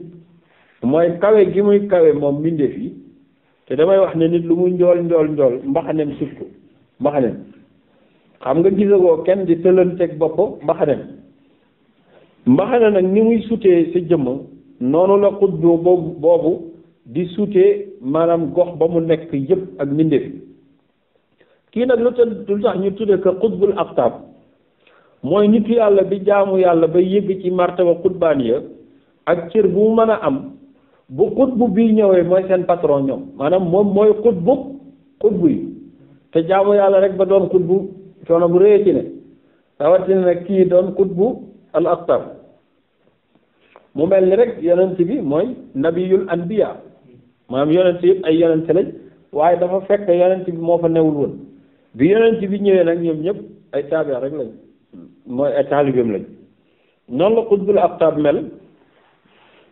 mooy kawe gi muy kawe moom mbindeef yi te damay wax ne nit lu muy njool njool njool mbaxanem surtout mbaxanem xam nga gisagoo kenn di tëlanteeg bopp mbaxanem mbaxane nag ni muy suutee sa jëmm noonu la xuddu boobu di sutee maanaam gox ba mu nekk yëpp ak mbindeef kii nag lu tax ñu tudde ko xutbul aftab mooy nit yàlla bi jaamu yàlla ba yëgg ci martaba xutbaan ya ak cër bu mu mën a am bu xutbu bii ñëwee mooy seen patron ñoom maanaam moom mooy xutbu xutbu yi te jaamu yàlla rek ba doon xutbu coono bu rëy ci ne rawatina nag kii doon xutbu al aktar mu mel ni rek yonent bi mooy nabiyul anbiya maanaam yonent yëpp ay yonent lañ waaye dafa fekk yonent bi moo fa newul woon bi yonent bi ñëwee nag ñoom ñëpp ay taabia rek lañ mooy ay taalibeem lañ noonu la xutbul aqtaab mel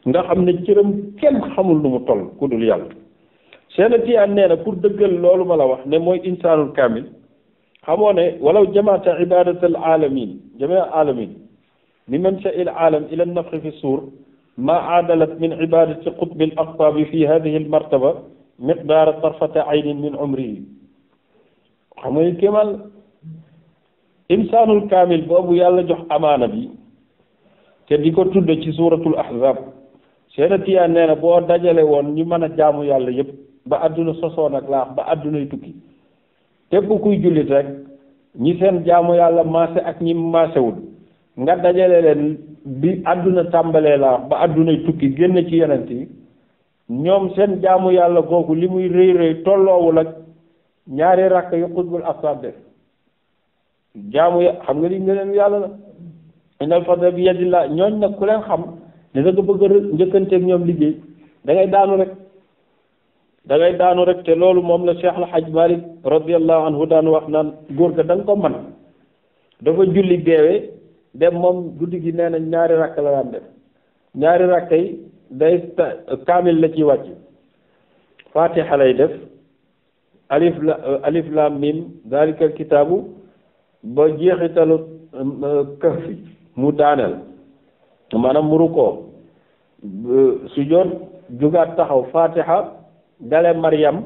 nga xam ne cëram kenn xamul nu mu toll ku dul yàlla seena tiyaan nee na pour dëggal loolu ma la wax ne mooy insaanul kaamil xamoo ne walaw jamaata ibadatal alamin jamaa alamin li man sa il alam ila nafxi fi suur ma aadalat min ibadati qutbil aqtaabi fi hadihi al martaba miqdaara tarfata aynin min umrihi xam nga kéemaan insaanul kaamil boobu yàlla jox amaana bi te di ko tudd ci suuratul ahzab seena nee na boo dajale woon ñu mën a jaamu yàlla yépp ba àdduna sosoon ak laax ba àddunay tukki képp kuy jullit rek ñi seen jaamu yàlla maase ak ñi maasewul nga dajale leen bi àdduna tàmbalee laax ba àddunay tukki génn ci yenent yi ñoom seen jaamu yàlla googu li muy rëy rëy tolloowul ak ñaari rakk yu xutbul asab def jaamu xam nga ni ngëneel yàlla la innal fadla bi yadillah ñooñ nag ku leen xam ne da bëgg a njëkkanteeg ñoom liggéey dangay daanu rek dangay daanu rek te loolu moom la Cheikh El Hadj Malick radiyallahu daan wax naan góor ga da nga ko mën dafa julli geewee dem moom guddi gi nee na ñaari rakk la daan def ñaari rakk yi day kaamil la ciy wàcc fatiha lay def alif la alif lam mim dalikal kitaabu ba jeexitalu um, uh, kaf fi mu daaneel maanaam mu rukkoo sujjóot jugaat taxaw fatiha dale Maryam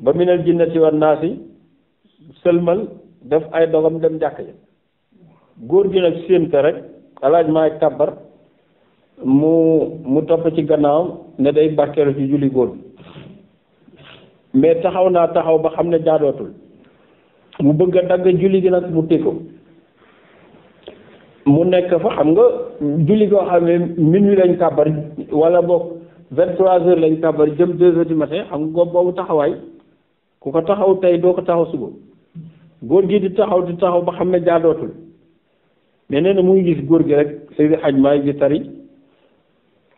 ba minal jinnati wan naasi sëlmal def ay dogam dem jàkk ji góor gi nag séen ko rek alaaj maay kàbbar mu mu topp ci gannaaw ne day barkeelu ci julli góor bi mais taxaw naa taxaw ba xam ne jaadootul mu bëgg a dagg julli gi nag mu tëkku mu nekk fa xam nga julli koo xam ne minuit lañ kàbbar wala boog vingt trois heures lañ kàbbar jëm deux heures du matin xam nga boobu taxawaay ku ko taxaw tey doo ko taxaw suba góor gi di taxaw di taxaw ba xam ne jaadootul mais nee na mu ngi gis góor gi rek Seydi Haj Maalik gi tari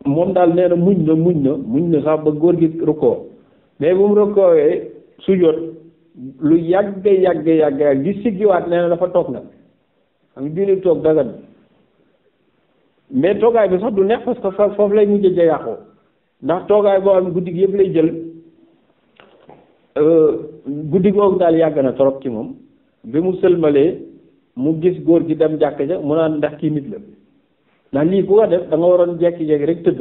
moom daal nee muñ na muñ na muñ na sax ba góor gi rukkoo mais bu mu rukkoowee su jot lu yàgg yàgg yàgg yàgg di siggiwaat nee na dafa toog nag xam nga toog dagan mais toogaay bi sax du neex parce que foofu lay mujj a yàqoo ndax toogaay boo am guddi gi yëpp lay jël euh, guddi googu daal yàgg na trop ci moom bi mu sëlmalee mu gis góor gi dem jàkk ja mu naan ndax kii nit la ndax lii ku ko def da waroon jekki-jekki rek tëdd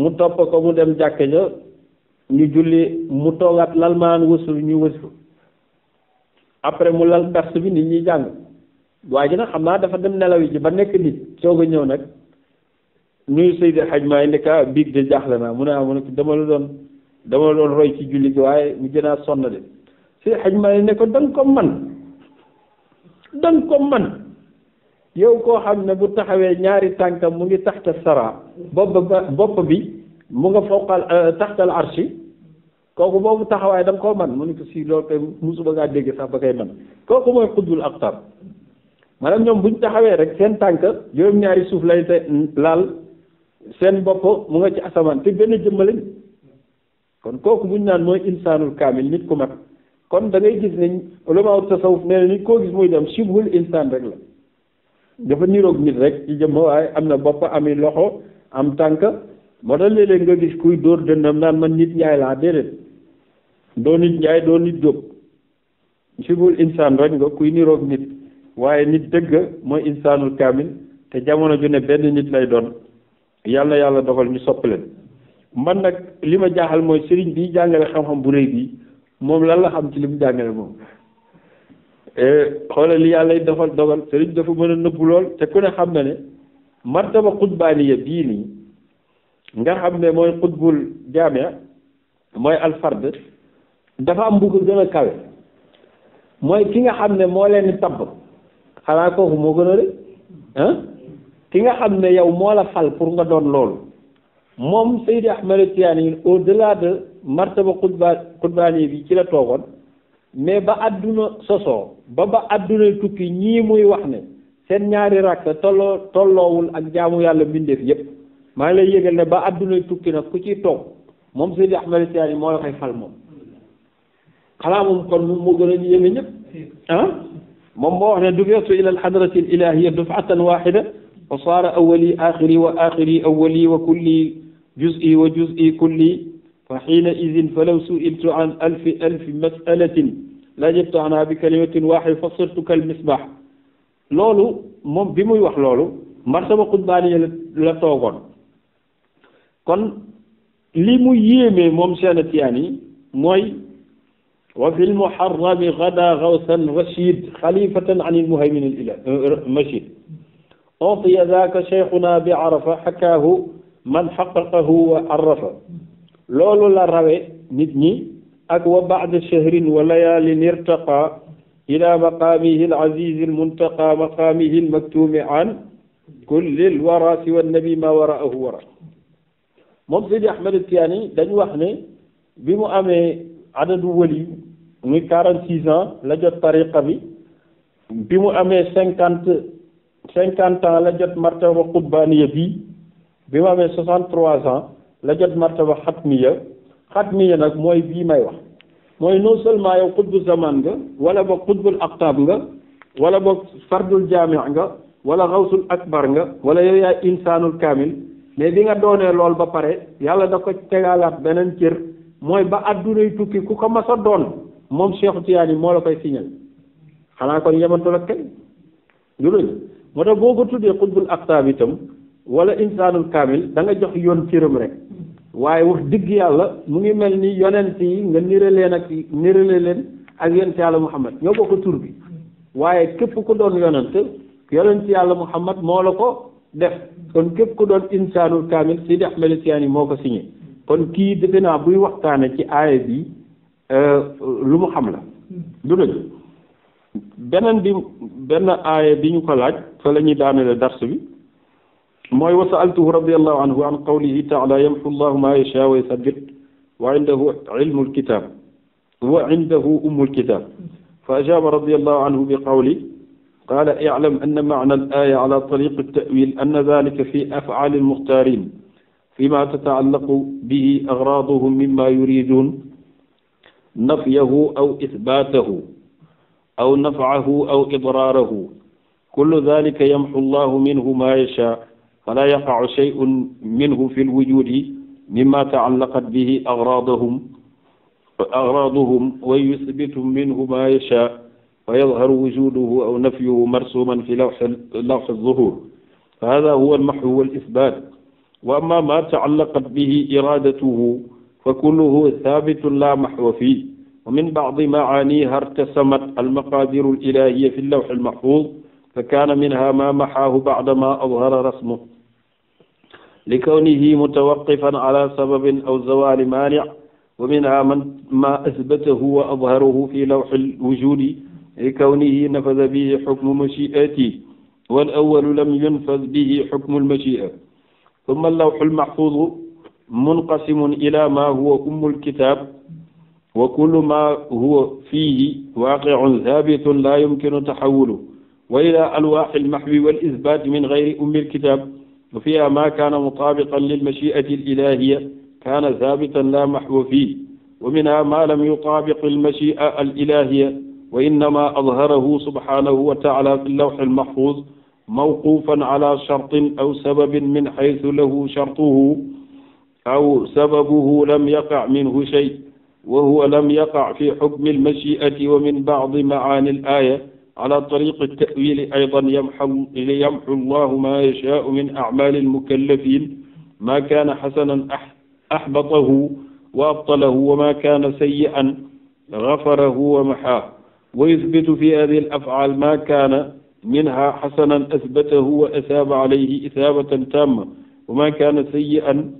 mu topp ko mu dem jàkk ja ñu julli mu toggaat lal maan ñu wësul après mu lal perse bi nit ñuy jàng waa ji nag xam naa dafa dem nelaw ji ba nekk nit soog a ñëw nag nuyu Seydi Hadj Maay ne ka biig de jaaxle naa mu ne ah mu ne dama la doon dama la doon roy ci julli gi waaye mu jënaa sonn de Seydi Hadj Maay ne ko da ko man da ko man yow koo xam ne bu taxawee ñaari tànkam mu ngi taxta sara bopp bopp bi mu nga foqal euh, taxtal arshi kooku boobu taxawaay da nga koo man mu ne ko si loolu kay musuma ngaa dégg sax ba koy man kooku mooy xudbul abtar maanaam ñoom buñ taxawee rek seen tànk juróom-ñaari suuf lay laal seen bopp mu nga ci asamaan te benn jëmmalañ kon kooku buñ naan mooy insaanul kaamil nit ku mat kon da ngay gis ne ulama tasawuf nee na nit koo gis muy dem shibhul insaan rek la dafa niroog nit rek ci jëmm waaye am na bopp ami loxo am tànk moo tax léeg-léeg nga gis kuy dóor dëndam naan man nit njaay laa déedéet doo nit njaay doo nit jóg sibul insaan rek nga kuy niroog nit waaye nit dëgg mooy insaanul kaamil te jamono ju ne benn nit lay doon yàlla yàlla dogal ñu sopp leen man nag li ma jaaxal mooy sëriñ bi jàngale xam-xam bu rëy bi moom lan la xam ci li mu jàngale moom eh, xoolal li yàlla doxal dogal sëriñ dafa mën a nëbbu lool te ku ne xam na ne martaba xutbaaniya bii nii nga xam ne mooy xutbul jaamia mooy alfard dafa am bu ko gën a kawe mooy ki nga xam ne moo leen di tabb xanaa kooku moo gën a rëy ah? ki nga xam ne yow moo la fal pour nga doon loolu moom Seydi Ahmed Tidiane au delà de martaba xutba xutbaani bi ci la toogoon mais ba àdduna sosoo ba ba àdduna tukki ñii muy wax ne seen ñaari rakk tolloo tolloowul ak jaamu yàlla mbindeef yépp maa ngi lay yëgal ne ba adduna tukki nag ku ciy toog moom Seydi Ahmed Tidiane moo la koy fal moom xanaa moom kon moom moo gën a yëngu ñëpp ah moom moo wax ne dufeetu ila alxadrati al ilahiya dufatan waxida wa saara awali axiri wa axiri awali wa kulli juzi wa juzi kulli fa xiina idin falaw suiltu an alfi alfi masalatin la jabtu anha bi kalimatin waxida fa sirtu kal misbaax loolu moom bi muy wax loolu martaba xutbaaniya la toogoon kon li mu yéemee moom seen tiyaan yi mooy wa fi lmuharrami gada gawsan rachid xalifatan an ilmuhaymin ila machid euh, utiya daka cheikhuna bi arafa xakaahu man xaqaqahu wa arrafa loolu la rawe nit ñi ak wa baada chahrin wa layaalin irtaqa ila maqaamihi alazizi almuntaqa maqaamihi almaktumi an kulli alwara siwa annabi ma waraahu wara moom Seydi Ahmed Tidiane dañu wax ne bi mu amee adadu wëli muy quarante six ans la jot tariqa bi bi mu amee cinquante cinquante ans la jot martaba qutbaaniya bi bi mu amee soixante trois ans la jot martaba xatmiya xatmiya nag mooy bii may wax mooy non seulement yow xutbu zaman nga wala boog xutbul aqtab nga wala boog fardul jaami nga wala xawsul akbar nga wala yow yaay insaanul kaamil mais bi nga doonee lool ba pare yàlla da ko tegaalaat beneen cër mooy ba addunay tukki ku ko mas a doon moom Cheikh Tidiane moo la koy signal xanaa kon yemantu la kay lu dul moo tax boo ko tuddee xutbul aktaab itam wala insaanul kaamil da nga jox yoon cëram rek waaye wax digg yàlla mu ngi mel ni yonent yi nga nirale leen ak nirale leen ak yonent yàlla Muhammad ñoo bokk tur bi waaye képp ku doon yonent yonent yàlla Muhammad moo la ko def kon képp ku doon insaanul kaamil Sidi Ahmed Tijaani moo ko signé kon kii defe naa buy waxtaane ci aaya bi euh, lu mu xam la du dëgg beneen bi benn aaya bi ñu ko laaj fa la ñuy daanele dars bi mooy wa saaltuhu radiallahu anhu an qawlihi taala yamxu llahu ma yasha wa yusabit wa indahu ilmu lkitab wa indahu ummu lkitab fa ajaaba radiallahu anhu bi qawli قال اعلم أن معنى الآية على طريق التأويل أن ذلك في أفعال المختارين فيما تتعلق به أغراضهم مما يريدون نفيه أو إثباته أو نفعه أو إضراره كل ذلك يمحو الله منه ما يشاء فلا يقع شيء منه في الوجود مما تعلقت به أغراضهم أغراضهم ويثبت منه ما يشاء ويظهر وجوده أو نفيه مرسوما في لوح لوح الظهور فهذا هو المحو والإثبات وأما ما تعلقت به إرادته فكله ثابت لا محو فيه ومن بعض معانيها ارتسمت المقادير الإلهية في اللوح المحفوظ فكان منها ما محاه بعدما أظهر رسمه لكونه متوقفا على سبب أو زوال مانع ومنها من ما أثبته وأظهره في لوح الوجود لكونه نفذ به حكم مشيئته والأول لم ينفذ به حكم المشيئة ثم اللوح المحفوظ منقسم إلى ما هو أم الكتاب وكل ما هو فيه واقع ثابت لا يمكن تحوله وإلى ألواح المحو والإثبات من غير أم الكتاب وفيها ما كان مطابقا للمشيئة الإلهية كان ثابتا لا محو فيه ومنها ما لم يطابق المشيئة الإلهية wa innama azharahu subhanahu wa taala fi lawx almahfuz mawqufan ala chartin aw sababin min xaytu lahu chartuhu aw sababuhu lam yaqa minhu shay wa huwa lam yaqa fi xukmi almashiati wa min bacdi macaani alaya ala tariqi altawili aydan yamxu yamxu allahu ma yashaau min acmaali almukallafin ma kaana xasanan axbatahu wa abtalahu wa ma kaana sayi'an gafarahu wa maxaahu wa yusbitu fi hadihi al af'al ma kaana minha xasanan asbatahu wa asaaba alayhi isaabatan tamma wa ma kaana sayyi'an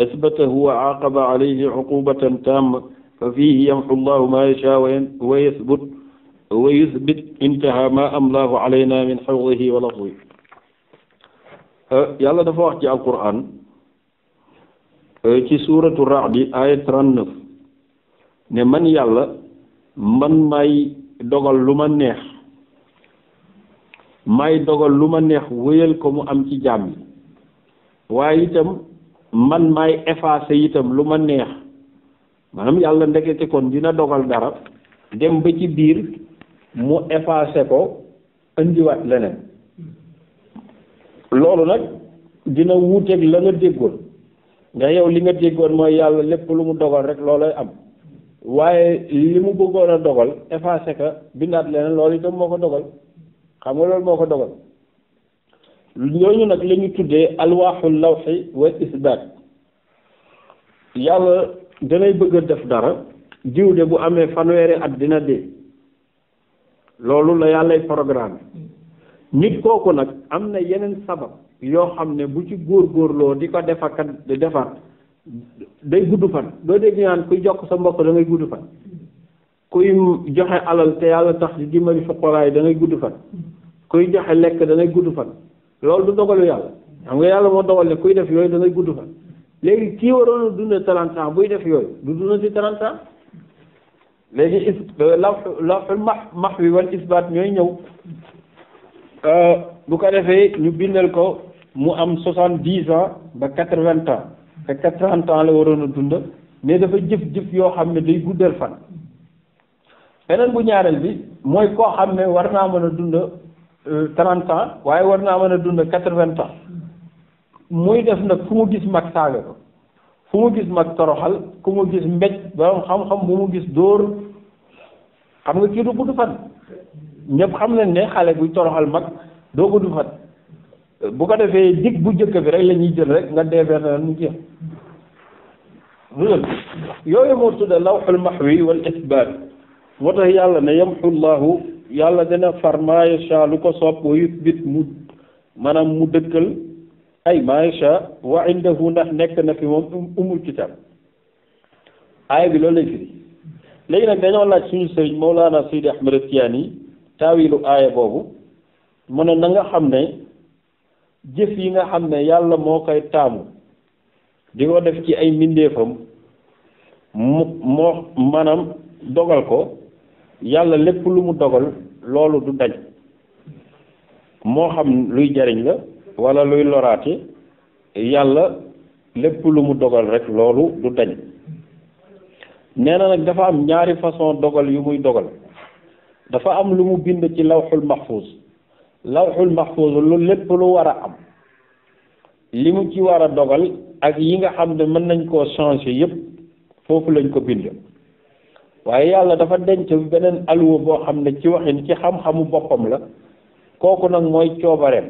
asbatahu wa aaqaba alayhi uqubatan tamma fa fihi yamxu llahu ma yashaa wa yasbut wa yusbit intaha ma amlaahu alayna min xawdihi wa lafdihi yàlla dafa wax ci alquran ci suuratu raadi aaya 39 ne man yàlla man may dogal lu ma neex may dogal lu ma neex wéyal ko mu am ci jaam waaye itam man may effacer itam lu ma neex maanaam yàlla ndekete kon dina dogal dara dem ba ci biir mu effacer ko indiwaat leneen loolu nag dina wuuteeg la nga déggoon nga yow li nga déggoon mooy yàlla lépp lu mu dogal rek loolay am waaye li mu bëggoon a dogal effacé ka bindaat leneen loolu itam moo ko dogal xam nga loolu moo ko dogal ñooñu nag la ñu tuddee alwaaxul lawxi wal isbaat yàlla danay bëgg def dara jiw de bu amee fanweeri at dina dee loolu la yàllay programme nit kooku nag am na yeneen sabab yoo xam ne bu ci góor góorgóorloo di ko defakat di defar day gudd fan doo dégg ñaan kuy jokk sa mbokk dangay gudd fan kuy joxe alal te yàlla tax di dimbali fuqaraay da ngay gudd fan kuy joxe lekk da gudd fan loolu du dogalu yàlla xam nga yàlla moo dogal ne kuy def yooyu dangay gudd fan léegi kii waroon a dundee buy def yooyu du dund léegi is euh, lawxul max max wi wal isbaat ñooy ñëw euh, bu ko defee ñu bindal ko mu am soixante-dix ans ba quatre-vingts ans fekk trente ans la waroon a dund mais dafa jëf-jëf yoo xam ne day guddal fan beneen bu ñaareel bi mooy koo xam ne war naa mën a dund euh, trente waaye war naa mën a dund quatre-vingts ans muy def nag fu mu gis mag saaga ko fu mu gis mag toroxal ku mu gis mbéj borom xam-xam bu mu gis dóor xam nga kii du gudd fan ñëpp xam nañ ne xale buy toroxal mag doo gudd fan bu ko defee dig bu njëkk bi rek la ñuy jël rek nga déverner mu jeex yooyu moo tudda lawxul maxwi wal isbaat moo tax yàlla ne yamxu llahu yàlla dina far maa yasha lu ko sopp wa yuthbit mu maanaam mu dëkkal ay maa yasha wa indahu ndax nekk na fi moom um-, umul kitaab aaya bi loolu lay firi léegi nag dañoo laaj suñu sëriñ Mawlaana Seydi Ahmad Tijaani taawilu aaya boobu mu ne na xam ne jëf yi nga xam ne yàlla moo koy taamu di ko def ci ay mbindeefam mu moo maanaam dogal ko yàlla lépp lu mu dogal loolu du daj moo xam luy jariñ la walla luy loraate yàlla lépp lu mu dogal rekk loolu du dañ nee na nag dafa am ñaari façon dogal yu muy dogal dafa am lu mu bind ci lawxul maxfuus lawxul mahfuuz lu lépp lu war a am li mu ci war a dogal ak yi nga xam ne mën nañ koo changer yépp foofu lañ ko bind waaye yàlla dafa denc beneen alwa boo xam ne ci waxin ci xam-xamu boppam la kooku nag mooy coobareem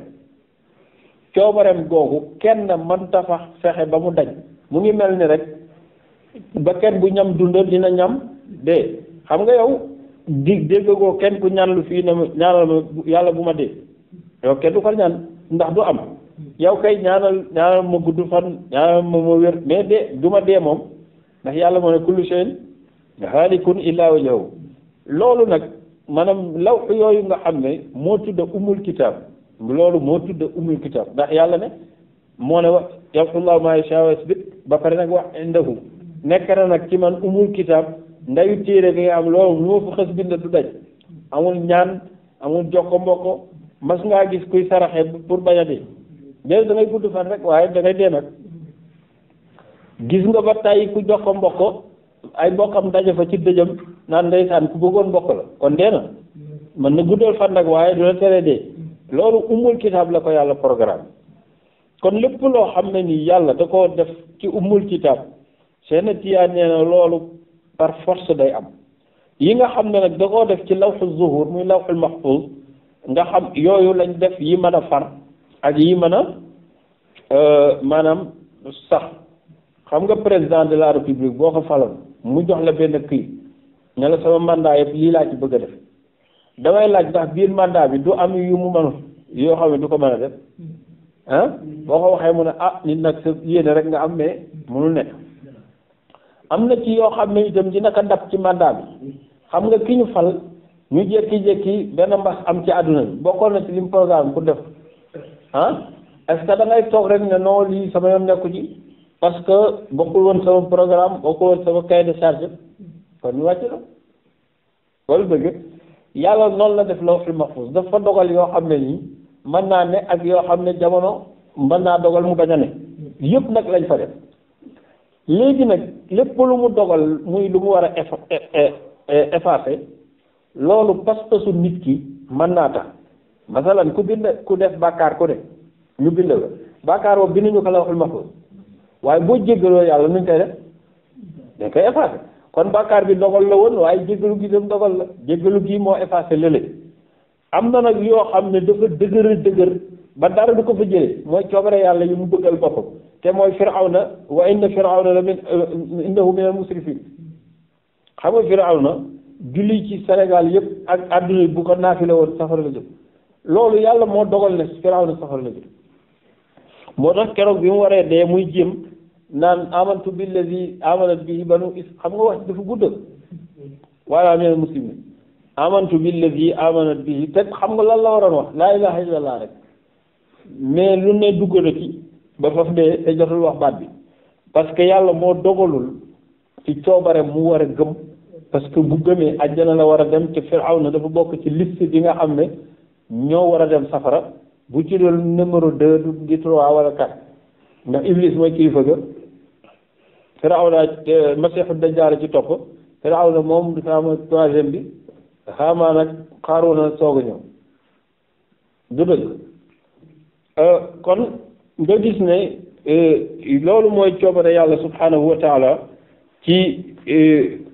coobareem googu kenn mënta fa fexe ba mu daj mu ngi mel ni rek ba baket bu ñam dundal dina ñam dee xam nga yow di dégg ko kenn ku ñaan lu fii ne ñaanal ma yàlla bu ma dee yow kenn du ko ñaan ndax du am yow kay ñaanal ñaanal ma gudd fan ñaanal ma ma wér mais de du ma dee moom ndax yàlla moo ne kullu shay'in haalikun illaa wajhahu loolu nag maanaam law yooyu nga xam ne moo tudda umul kitaab loolu moo tudda umul kitaab ndax yàlla ne moo ne wax yamhullaahu maa yashaa wa yusbit ba pare nag wax indahu nekk na nag ci man umul kitaab ndayu téere gi nga am loolu lu ma fa xës bind du daj amul ñaan amul jokko mbokko mas ngaa gis kuy saraxe pour bañ a dee dee gudd fan rek waaye dangay ngay dee nag gis nga ba tàyyi ku jox ko mbokk ay mbokkam daje fa ci dëjëm naan ndeysaan ku bëggoon mbokk la kon dee na mën na guddal fan nag waaye du la tere dee loolu umul kitaab la ko yàlla programme kon lépp loo xam ne nii yàlla da koo def ci umul kitaab seen tiyaa nee na loolu par force day am yi nga xam ne nag da koo def ci lawxul zuhur muy lawxul maxfuus nga xam yooyu lañ def yi mën a far ak yi mën a euh, maanaam sax xam nga président de la république boo ko faloon mu jox la benn kii ne la sama màndaa yëpp lii laa ci bëgg a def damay laaj ndax biir mandat bi du am yu mu mën yoo xam ne du ko mën a def ah boo ko waxee mu ne ah nit nag sa yéene rek nga am mais mënul nekk am na ci yoo xam ne itam dina ko ndab ci mandat bi xam nga ki ñu fal ñu jékki-jékki benn mbas am ci àdduna bi bokkoon na ci lim programme pour def ah est que da toog rek ne non lii sama yoon nekku ci parce que bokkul woon sama programme bokkul woon sama cahier de charge kon ñu wàcc la loolu bëgg yàlla noonu la def lawhul mahfuz dafa dogal yoo xam ne nii mën naa ne ak yoo xam ne jamono mën naa dogal mu bañ a ne yëpp nag lañ fa def léegi nag lépp lu mu dogal muy lu mu war a e-, e-, e-, effacer loolu pas-pasu nit ki mën naa tax masalan ku bind ku def bàkkaar ku ne ñu bind la bi boobu ñu ko lawhul mahfuz waaye boo jéggaloo yàlla nuñ koy def dañ koy effacé kon bàkkaar bi dogal la woon waaye jéggalu gi dem dogal la jéggalu gi moo effacé lële am na nag yoo xam ne dafa dëgër dëgër ba dara du ko fa jëlee mooy coobare yàlla yi mu bëggal boppam te mooy firawna wa inna firawna la min innahu min al musrifin xam nga julli ci Sénégal yëpp ak àdduna bu ko naafile woon safara la jëm loolu yàlla moo dogal ne Firawna safara la jëm moo tax keroog bi mu waree dee muy jéem naan amantu billazi amanat bihi banu is xam nga wax dafa gudd voilà nee na muslim amantu billazi amanat bihi te xam nga lan la waroon wax laa ilaha illallah rek mais lu ne dugg ci ba faf dee te jotul wax baat bi parce que yàlla moo dogalul ci coobare mu war a gëm parce que bu gëmee àjjana la war a dem te Firawna dafa bokk ci liste bi nga xam ne ñoo war a dem safara bu ci doon numéro deux di trois wala quatre ndax Iblis mooy kilifa ga Firawna euh, Masiixu Dajjaal ci topp Firawna moom dafa am troisième ak Qaaruuna soog a ñëw du dëgg euh, kon nga gis ne euh, loolu mooy coobare yàlla subhanahu wa ci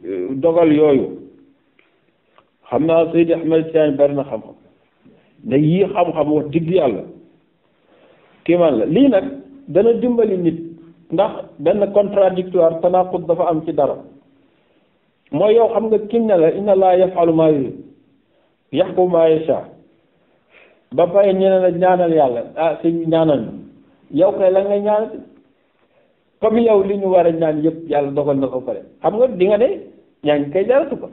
dogal yooyu xam naa Seydi Ahmed Tidiane bari na xam-xam da yii xam-xam wax yàlla kiimaan la lii nag dana dimbali nit ndax benn contradictoire tanaqud dafa am ci dara mooy yow xam nga kiñ ne la inna laa yafalu maa yuriid yaxkum maa yashaa ba pare ñu ñaanal yàlla ah si ñaanal yow kay nga ñaanal comme yow li ñu war a ñaan yëpp yàlla dogal na ko pare xam nga di ne ñaan gi kay jaratu ko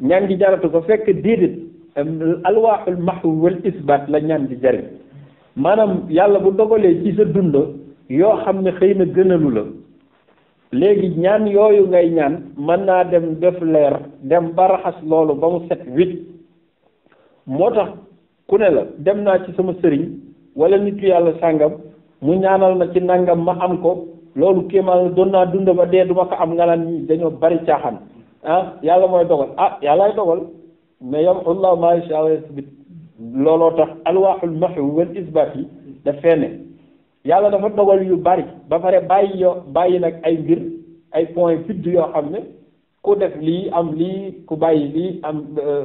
ñaan gi jaratu ko fekk déedéet alwaaxul maxwu wal isbaat la ñaan gi jariñ maanaam yàlla bu dogalee ci sa dund yoo xam ne xëy na gënalu la léegi ñaan yooyu ngay ñaan mën naa dem def leer dem ba raxas loolu ba mu set wicc moo tax ku ne la dem naa ci sama sëriñ wala nitu yàlla sàngam mu ñaanal na ci nangam ma am ko loolu kéemaan doon naa dund ba dee duma ko am nga naan ñi dañoo bari caaxaan ah yàlla mooy dogal ah yàllaay dogal mais yam allah ma looloo tax alwaaxul maxi wal isbat yi yàlla dafa dogal yu bari ba pare bàyyi yo bàyyi nag ay mbir ay point fidd yoo xam ne ku def lii am lii ku bàyyi lii am euh,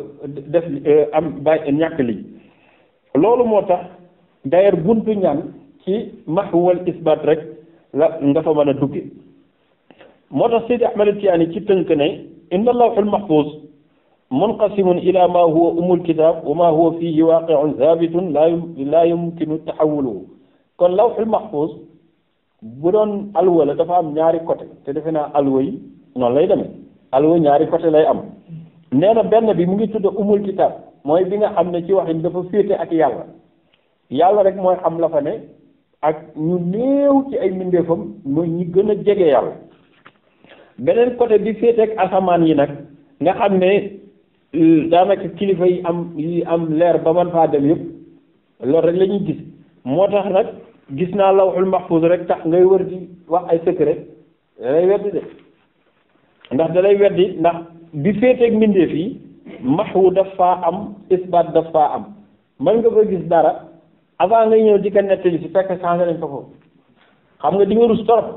def euh, am ñàkk lii loolu moo tax d'ailleurs buntu ñaan ci maxu wal isbat rek la nga fa mën a dugg moo tax Seydi Ahmad Tiyaani ci tënk ne inna lawxul mahfuz munqasimun ila ma huwa umul kitab wa ma huwa fihi waaqiun zabitun la la yumkinu taxawuluhu kon lawxul mahfuz bu doon alwa dafa am ñaari côté te defe naa alwa yi noonu lay demee alwa ñaari côté lay am nee benn bi mu ngi tudd umul kitab mooy bi nga am ne ci waxin dafa féete ak yàlla yàlla rek mooy xam la ne ak ñu néew ci ay mbindeefam mooy ñi gën a jege yàlla beneen côté bi féeteeg asamaan yi nag nga xam ne euh, daanaka kilifa yi am yi am leer ba man faa dem yëpp loolu rek la ñuy gis moo tax nag gis naa lawxul mahfuz rek tax ngay wër di wax ay secret dalay weddi de ndax dalay weddi ndax bi féeteeg mbindeef yi mahwu daf faa am isbaat daf faa am mën nga fa gis dara avant ngay ñëw di ko nettali si fekk changé nañ ko ko xam nga di nga rus torop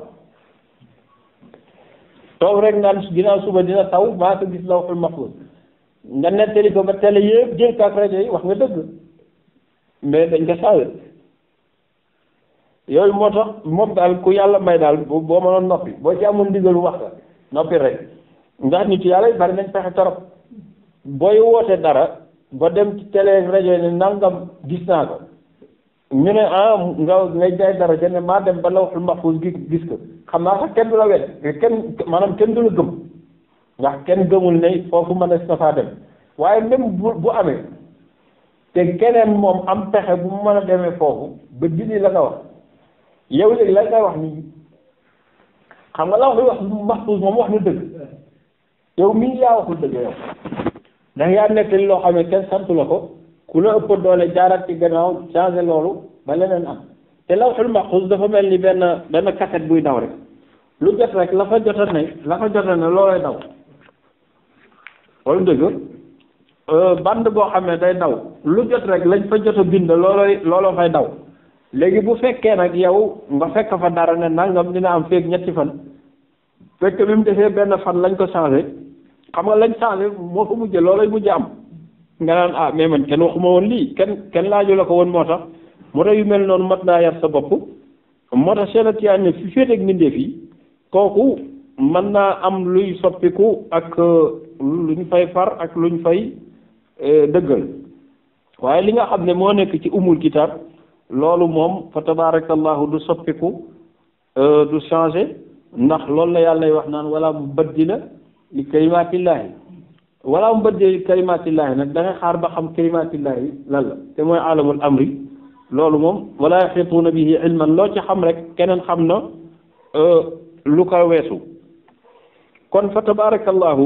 toog rek naan ginnaaw suba dina taw maa ko gis lawhul mahfuz nga nettali ko ba télé yëpp jël kaak rajo yi wax nga dëgg mais dañ ko changé yooyu moo tax moom daal ku yàlla may daal boo mënoon noppi boo ci amul ndigalu wax la noppi rek ndax nit yàlla yi bari nañ pexe torop booy woote dara ba dem ci télé rajo yi ne nangam gis naa ko ñu ne ah nga ngay jaay dara jënd maa dem ba lawxul mahfuz gi gis ko xam naa kenn du kenn maanaam kenn du la kenn gëmul ne foofu mën a safaa dem waaye même bu amee te keneen moom am pexe bu mu mën a demee foofu ba dindi la nga yow léegi la wax nii xam nga la wax wax mahfuz moom wax na dëgg yow mii yaa waxul dëgg yow ndax yaa nekk loo xam ne kenn santu la ko bu la ëpp doole jaarat ci gannaaw changé loolu ba leneen am te lawhul mahfuz dafa mel ni benn benn cassette buy daw rek lu jot rek la fa ne la fa jota ne loolay daw wala dëgg euh, bande boo xam ne day daw lu jot rek lañ fa jot a bind loolooy looloo fay daw léegi bu fekkee nag yow nga fekk fa dara ne nangam dina am feeg ñetti fan fekk bi mu defee benn fan lañ ko changé xam nga lañ changé moo fa mujjee loolay mujjee am nga naan ah mais man kenn waxuma woon lii kenn kenn laaju la ko woon moo tax moo tax yu mel noonu mat naa yar sa bopp moo tax Cheikh Tijaan ne fi féeteeg mbindeef yi kooku mën naa am luy soppiku ak euh, lu ñu fay far ak luñ fay euh, dëggal waaye li nga xam ne moo nekk ci umul kitaab loolu moom fa tabarakallahu du soppiku euh, du changé ndax loolu la yàlla wax naan bët mubaddila li kalimatillahi wala mbëddee kalimatillahi nag da ngay xaar ba xam kalimatillahi lan la te mooy alamul amri loolu moom wala yaxituuna bihi ilman loo ci xam rek keneen xam na euh, lu ko weesu kon fa tabarakallahu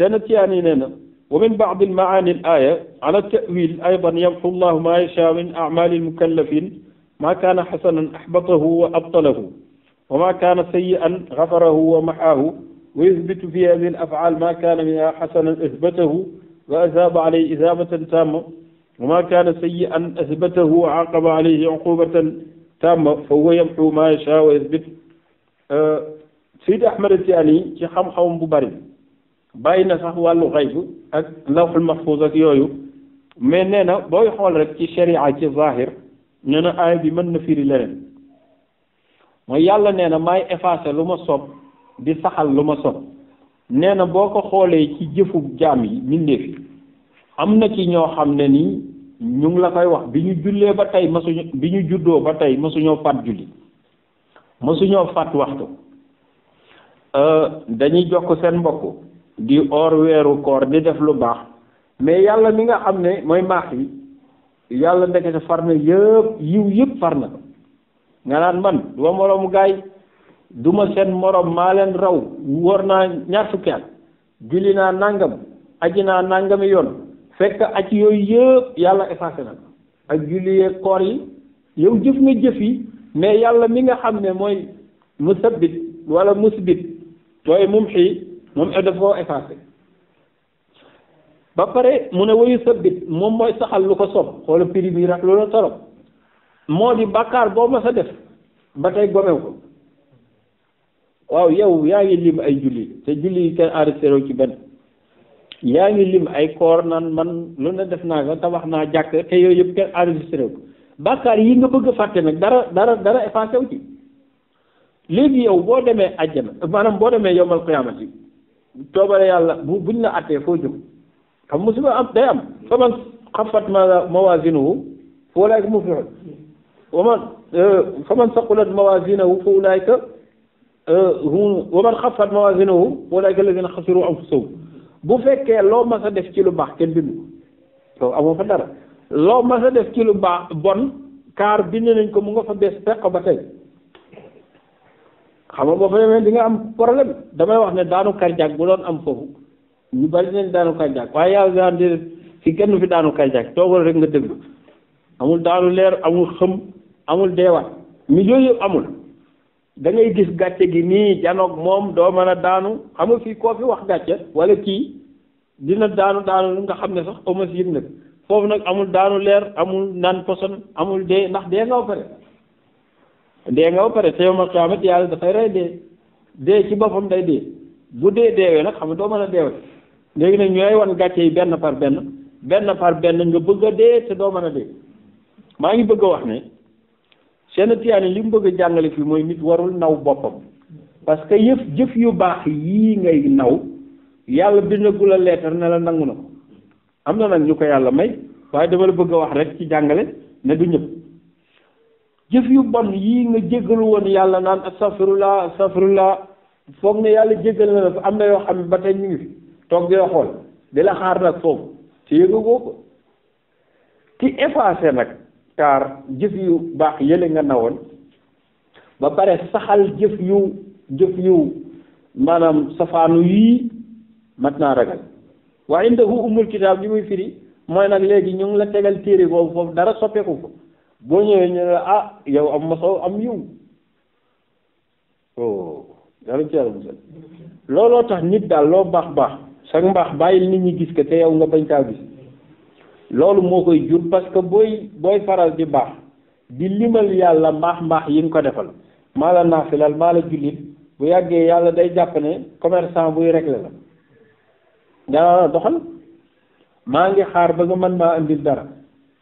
seen tiyaani nee na wa min baadi almaani al aya ala tawil aydan yamxu llahu ma yasha min amali almukallafin ma kaana xasanan axbatahu wa abtalahu wa ma kaana sayi'an xafarahu wa maxaahu wa yuthbitu fi hadhihi al af'al ma kaana minha hasanan athbatahu wa athaba alayhi ithabatan tamma wa ma kaana sayyi'an athbatahu wa aqaba alayhi uqubatan tamma fa huwa yamhu ma yasha wa yuthbit Seydi Ahmad Tijaani ci xam-xamam bu bari bàyyi na sax wàllu xayb ak lawhul mahfuz ak yooyu mais nee na booy xool rek ci sharia ci zahir nee na aay bi mën na firi leneen mooy yàlla nee na maay effacé lu ma soob di saxal lu ma sopp nee na boo ko xoolee ci jëfu jaam yi mbindeef yi am na ci ñoo xam ne nii ñu ngi la koy wax bi ñu jullee ba tey masuñu bi ñu juddoo ba tey masuñoo faat julli masuñoo faat waxtu euh, dañuy jokk seen mbokk di or weeru koor di def lu baax mais yàlla ni nga xam ne mooy maax yi yàlla ndekete far na yëpp yiw yëpp far na ko nga naan man du ma gaay du ma seen moroom maa leen raw wor naa ñaar fukki julli naa nangam aji naa nangami yoon fekk aj yooyu yëpp yàlla effacé na ko ak julli yeeg koor yi yow jëf nga jëf yi mais yàlla mi nga xam ne mooy musabbit wala musbit waaye mumxi moom dafa koo effacé ba pare mu ne woyu sabbit moom mooy saxal lu ko sob xoola prix bi rak loolu torop moo di bàkkaar boo ma sa def ba tey gomew ko waaw yow yaa ngi lim ay julli te julli yi kenn enregistré ci benn yaa ngi lim ay koor naan man lu ne def naa ko tabax naa jàkk te yooyu yëpp kenn enregistré ko bàkkaar yi nga bëgg a fàtte nag dara dara dara effacé wu ci léegi yow boo demee àjjana maanaam boo demee yowmal qiyaamati toobale yàlla bu buñ la attee foo jóg xam musiba am day am fa man xafat ma mawaazinuhu fa ulaayka muflihun wa man eh, fa man saqulat mawaazinuhu fa ulaayka hum wa la xaffat mawaazinuhu ulaa'ika allaziina xasiruu anfusahum bu fekkee loo mas a def ci lu baax kenn bindu yow amoo fa dara loo mas a def ci lu baax bon kaar bind nañ ko mu nga fa bees fekk ba tey xam nga boo fa demee di nga am problème damay wax ne daanu cardiaque bu doon am foofu ñu bari nañ daanu cardiaque waaye yaa gaan di fi kenn fi daanu cardiaque toogal rek nga déglu amul daanu leer amul xëm amul deewaat mi yooyu yëpp amul da ngay gis gàcce gi nii janoog moom doo mën a daanu xam nga fii koo fi wax gàcce wala kii dina daanu daanu nga xam ne sax amas yëg nag foofu nag amul daanu leer amul naan poson amul dee ndax dee nga ba pare dee nga ba pare te yow ma xiyaamat yàlla dafay rey dee dee ci boppam day dee bu dee deewee nag xam nga doo mën a deewee léegi nag ñooy wan gàcce yi benn par benn benn par benn nga bëgg a dee te doo mën a dee maa ngi bëgg a wax ne Cheikh Tijaan li mu bëgg a jàngale fii mooy nit warul naw boppam parce que yëf jëf yu baax yii ngay naw yàlla bindagul a leetar ne la nangu na ko am na nag ñu ko yàlla may waaye dama la bëgg a wax rek ci jàngale ne du ñëpp jëf yu bon yii nga jéggalu woon yàlla naan astafirullah astafirullah foog ne yàlla jéggal na la fa am na yoo xam ba tey ñu ngi fi toog di la xool di la xaar nag foofu ci yëgagoo ko ci effacé nag. taar jëf yu baax yële nga nawoon ba pare saxal jëf yu jëf yu maanaam safaanu yii mat naa ragal wa indahu umul kitaab li muy firi mooy nag léegi ñu ngi la tegal téere boobu foofu dara soppeeku ko boo ñëwee ñu ne ah yow am mosoo am yiw oh dara ci yàlla musal looloo tax nit daal loo baax baax sax mbaax bàyyil nit ñi gis ko te yow nga bañ kaa gis loolu moo koy jur parce que booy booy faral di baax di limal yàlla mbaax mbaax yi nga ko defal maa la naafilal maa la jullit bu yàggee yàlla day jàpp ne commerçant buy réglé la nga doxal maa ngi xaar ba nga man maa indil dara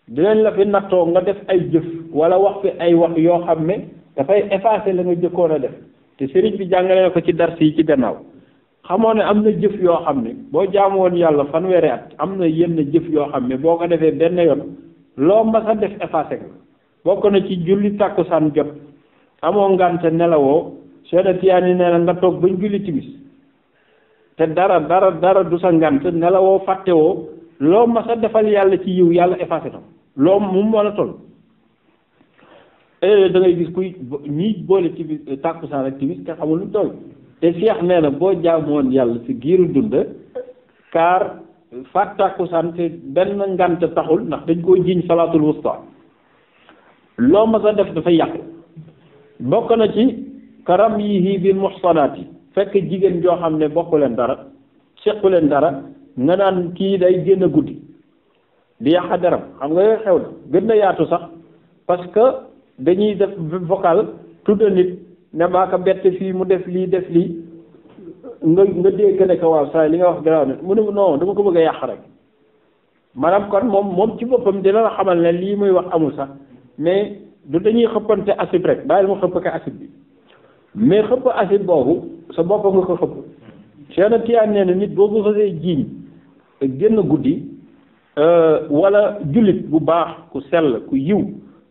dinañ la fi nattoo nga def ay jëf wala wax fi ay wax yoo xam ne dafay effacer la nga jëkkoon a def te sëriñ bi jàngale na ko ci dars yi ci gannaaw xamoo ne am na jëf yoo xam ne boo jaamu woon yàlla fanweeri at am na yenn jëf yoo xam ne boo ko defee benn yoon loo mas a def effacé ko bokk na ci julli tàkkusaan jot amoo ngante nelawoo seeda tiyaani nee na nga toog bañ julli timis te dara dara dara du sa ngante nelawoo fàttewoo loo mas a defal yàlla ci yiw yàlla effacé na loo mu mën a toll eh, da ngay gis kuy ñi boole timis tàkkusaan ak timis te xamul lu toll te Cheikh nee na boo jaamoon yàlla si giiru dund kaar faat tàkkusaan te benn ngant taxul ndax dañ koo jiiñ salaatul wusta loo ma sa def dafa yàq bokk na ci karam yi hii bil muhsanaat yi fekk jigéen joo xam ne bokkuleen dara sequ leen dara nga naan kii day génn guddi di yàq deram xam nga yooyu xew na gën na yaatu sax parce que dañuy def vocal tudd nit ne maa ko bett fii mu def lii def lii nga nga dégg ne waaw saa li nga wax garaaw ne mu ne non dama ko bëgg a yàq rek maanaam kon moom moom ci boppam dina la xamal ne lii muy wax amul sax mais du dañuy xëppante asib rek bàyyi la ma xëpp ko asib bi mais xëpp asib boobu sa boppam nga ko xëpp Cheikh Tiyaan nee na nit boo ko xasee jiiñ génn guddi euh, wala jullit bu baax ku sell ku yiw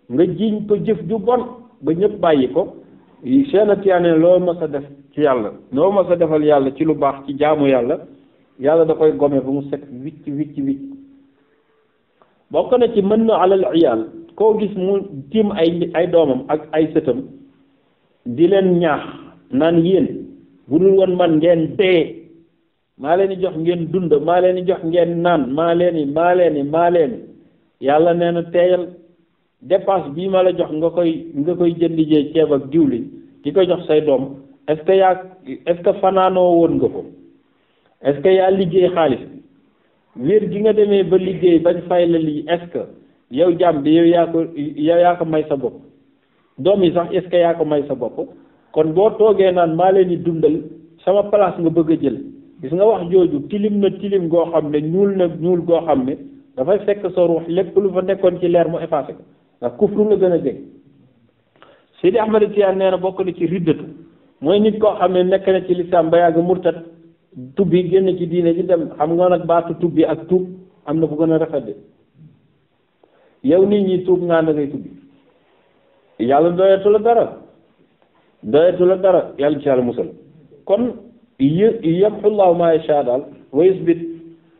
nga jiiñ ko jëf ju bon ba ñëpp bàyyi ko Seexna Tiyaane loo mas a def ci yàlla loo mas a defal yàlla ci lu baax ci jaamu yàlla yàlla da koy gome ba mu set wicc wicc wicc bokk na ci mën na alal iyaal koo gis mu tiim ay ay doomam ak ay sëtam di leen ñaax naan yéen bu dul woon man ngeen dee maa leen di jox ngeen dund maa leen di jox ngeen naan maa leen di maa leen di maa leen yàlla nee teeyal dépense bii ma la jox nga koy nga koy jëndi jee ceeb ak diwlin di ko jox say doom est-ce yaa est fanaanoo woon nga ko est yaa liggéey xaalis bi wér gi nga demee ba liggéey bañ fay la lii est-ce que yow jàmm bi yaa ko yaa ko may sa bopp doom yi sax est-ce yaa ko may sa bopp kon boo toogee naan maa leen di dundal sama place nga bëgg a jël gis nga wax jooju tilim na tilim goo xam ne ñuul na ñuul goo xam ne dafay fekk sa ruux lépp lu fa nekkoon ci leer mu effacé ndax kufru la gën a jege Sidi Ahmad Tiyaan nee na bokk na ci riddatu mooy nit koo xam ne nekk na ci lislaam ba yàgg murtat tubbi génn ci diine ji dem xam nga nag baatu tubbi ak tuub am na bu gën a rafet de yow nit ñi tuub ngaan da ngay tubbi yàlla doyatu la dara doyatu la dara yàlla ci yàlla musal kon yamxullaahu maa yashaa daal wa yusbit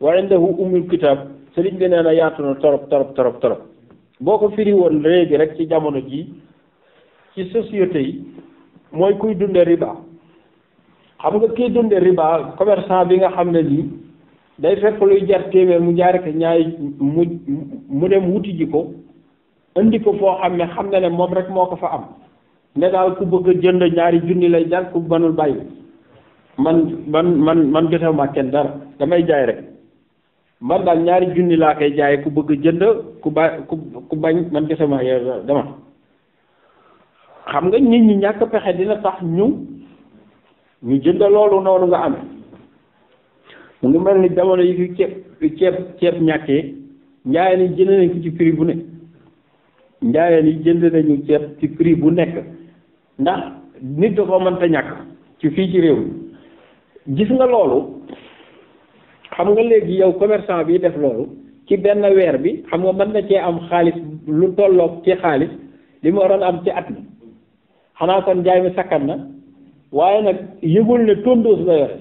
wa indahu umul kitaab sëriñ bi nee na yaatu na torop torop torop torop boo ko firi woon léegi rek ci jamono ji ci société yi mooy kuy dunde riba xam nga kiy dunde riba commerçant bi nga xam ne nii day fekk luy jar téeméer mu jaare ko ñaay mu mu dem wuti ji ko indi ko foo xam ne xam na ne moom rek moo ko fa am ne daal ku bëgg jënd ñaari junni lay jar ku banul bàyyi man man man man jotewuma kenn dara damay jaay rek man ñaari junni laa koy jaay ku bëgg jënd ku ba ku ku bañ man kese ma dama xam nga nit ñi ñàkk pexe dina tax ñu ñu jënd loolu noonu nga amee mu ngi mel ni jamono yi fi ceeb ceeb ceeb ñàkkee njaayeen yi jënd ci prix bu ne njaayeen yi jënd nañu ceeb ci prix bu nekk ndax nit dafa mënta ñàkk ci fii ci réew mi gis nga loolu xam nga léegi yow commerçant bi def loolu ci benn weer bi xam nga mën na cee am xaalis lu tolloog ci xaalis li mu waroon am ci at mi xanaa kon njaay mi sakkan na waaye nag yëgul ne tondoos la yore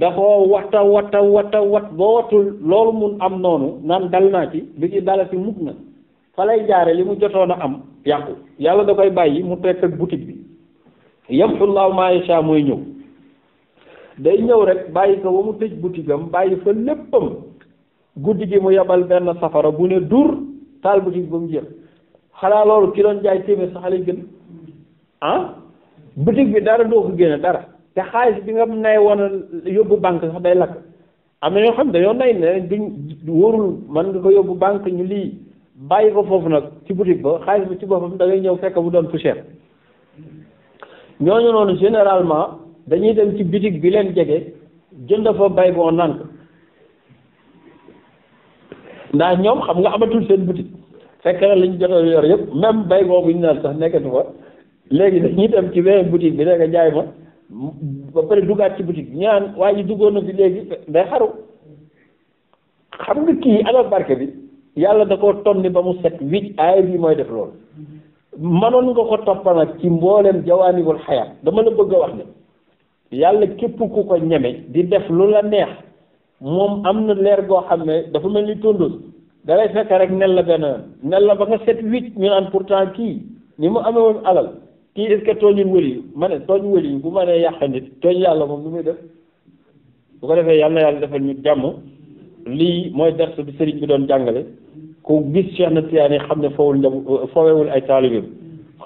dafa wata wata wata wat boo watul loolu mun am noonu naan dal naa ci bi ci dala si mukk na fa lay jaare li mu jotoon a am yàqu yàlla da koy bàyyi mu tekk ak bi yamxu llaahu maa yashaa mooy ñëw day ñëw rek bàyyi ko ba mu tëj butigam bàyyi fa léppam guddi gi mu yebal benn safara bu ne dur taal butig ba mu jël xanaa loolu ki doon jaay téeméer sax lay gën ah butig bi dara doo ko génne dara te xaalis bi nga nay woon yóbbu banque sax day lakk am na ñoo xam dañoo nay ne du wóorul mën nga ko yóbbu banque ñu lii bàyyi ko foofu nag ci boutique ba xaalis bi ci boppam da ñëw fekk bu doon poussière ñooñu noonu généralement dañuy dem ci bitik bi leen jege jënd fa bay boo naan ko ndax ñoom xam nga amatul seen bitig fekk na lañ jot a yor yëpp même bay boo bu ñu naan sax nekkatu fa léegi dañuy dem ci beneen bitig bi nekk jaay ma ba pare dugaat ci bitig bi ñaan waa ji duggoon na léegi day xaru xam nga kii alal barke bi yàlla da koo ni ba mu set wicc aay bi mooy def loolu manoon nga ko toppa nag ci mboolem jawaanibul xayaat dama la bëgg a wax ne yàlla képp ku ko ñeme di def lu la neex moom am na leer goo xam ne dafa mel ni tondos dalay fekk rek nel la benn nel na ba nga set huit ñu naan pourtant kii ni mu amee woon alal kii est-ce que tooñul wëli ma ne tooñ wëli bu ma nee yàq nit tooñ yàlla moom lu muy def bu ko defee yàlla yàlla defal ñu jàmm lii mooy ders bi sëriñ bi doon jàngale ku gis Cheikh na Tidiane xam ne fowul njab fowewul ay taalibeem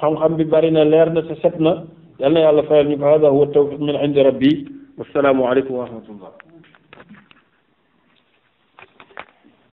xam-xam bi bari na leer na sa set na yal na yàlla fayal ñu ko hada huwa tawfiq min indi rabbi wassalaamu aleykum wa rahmatullah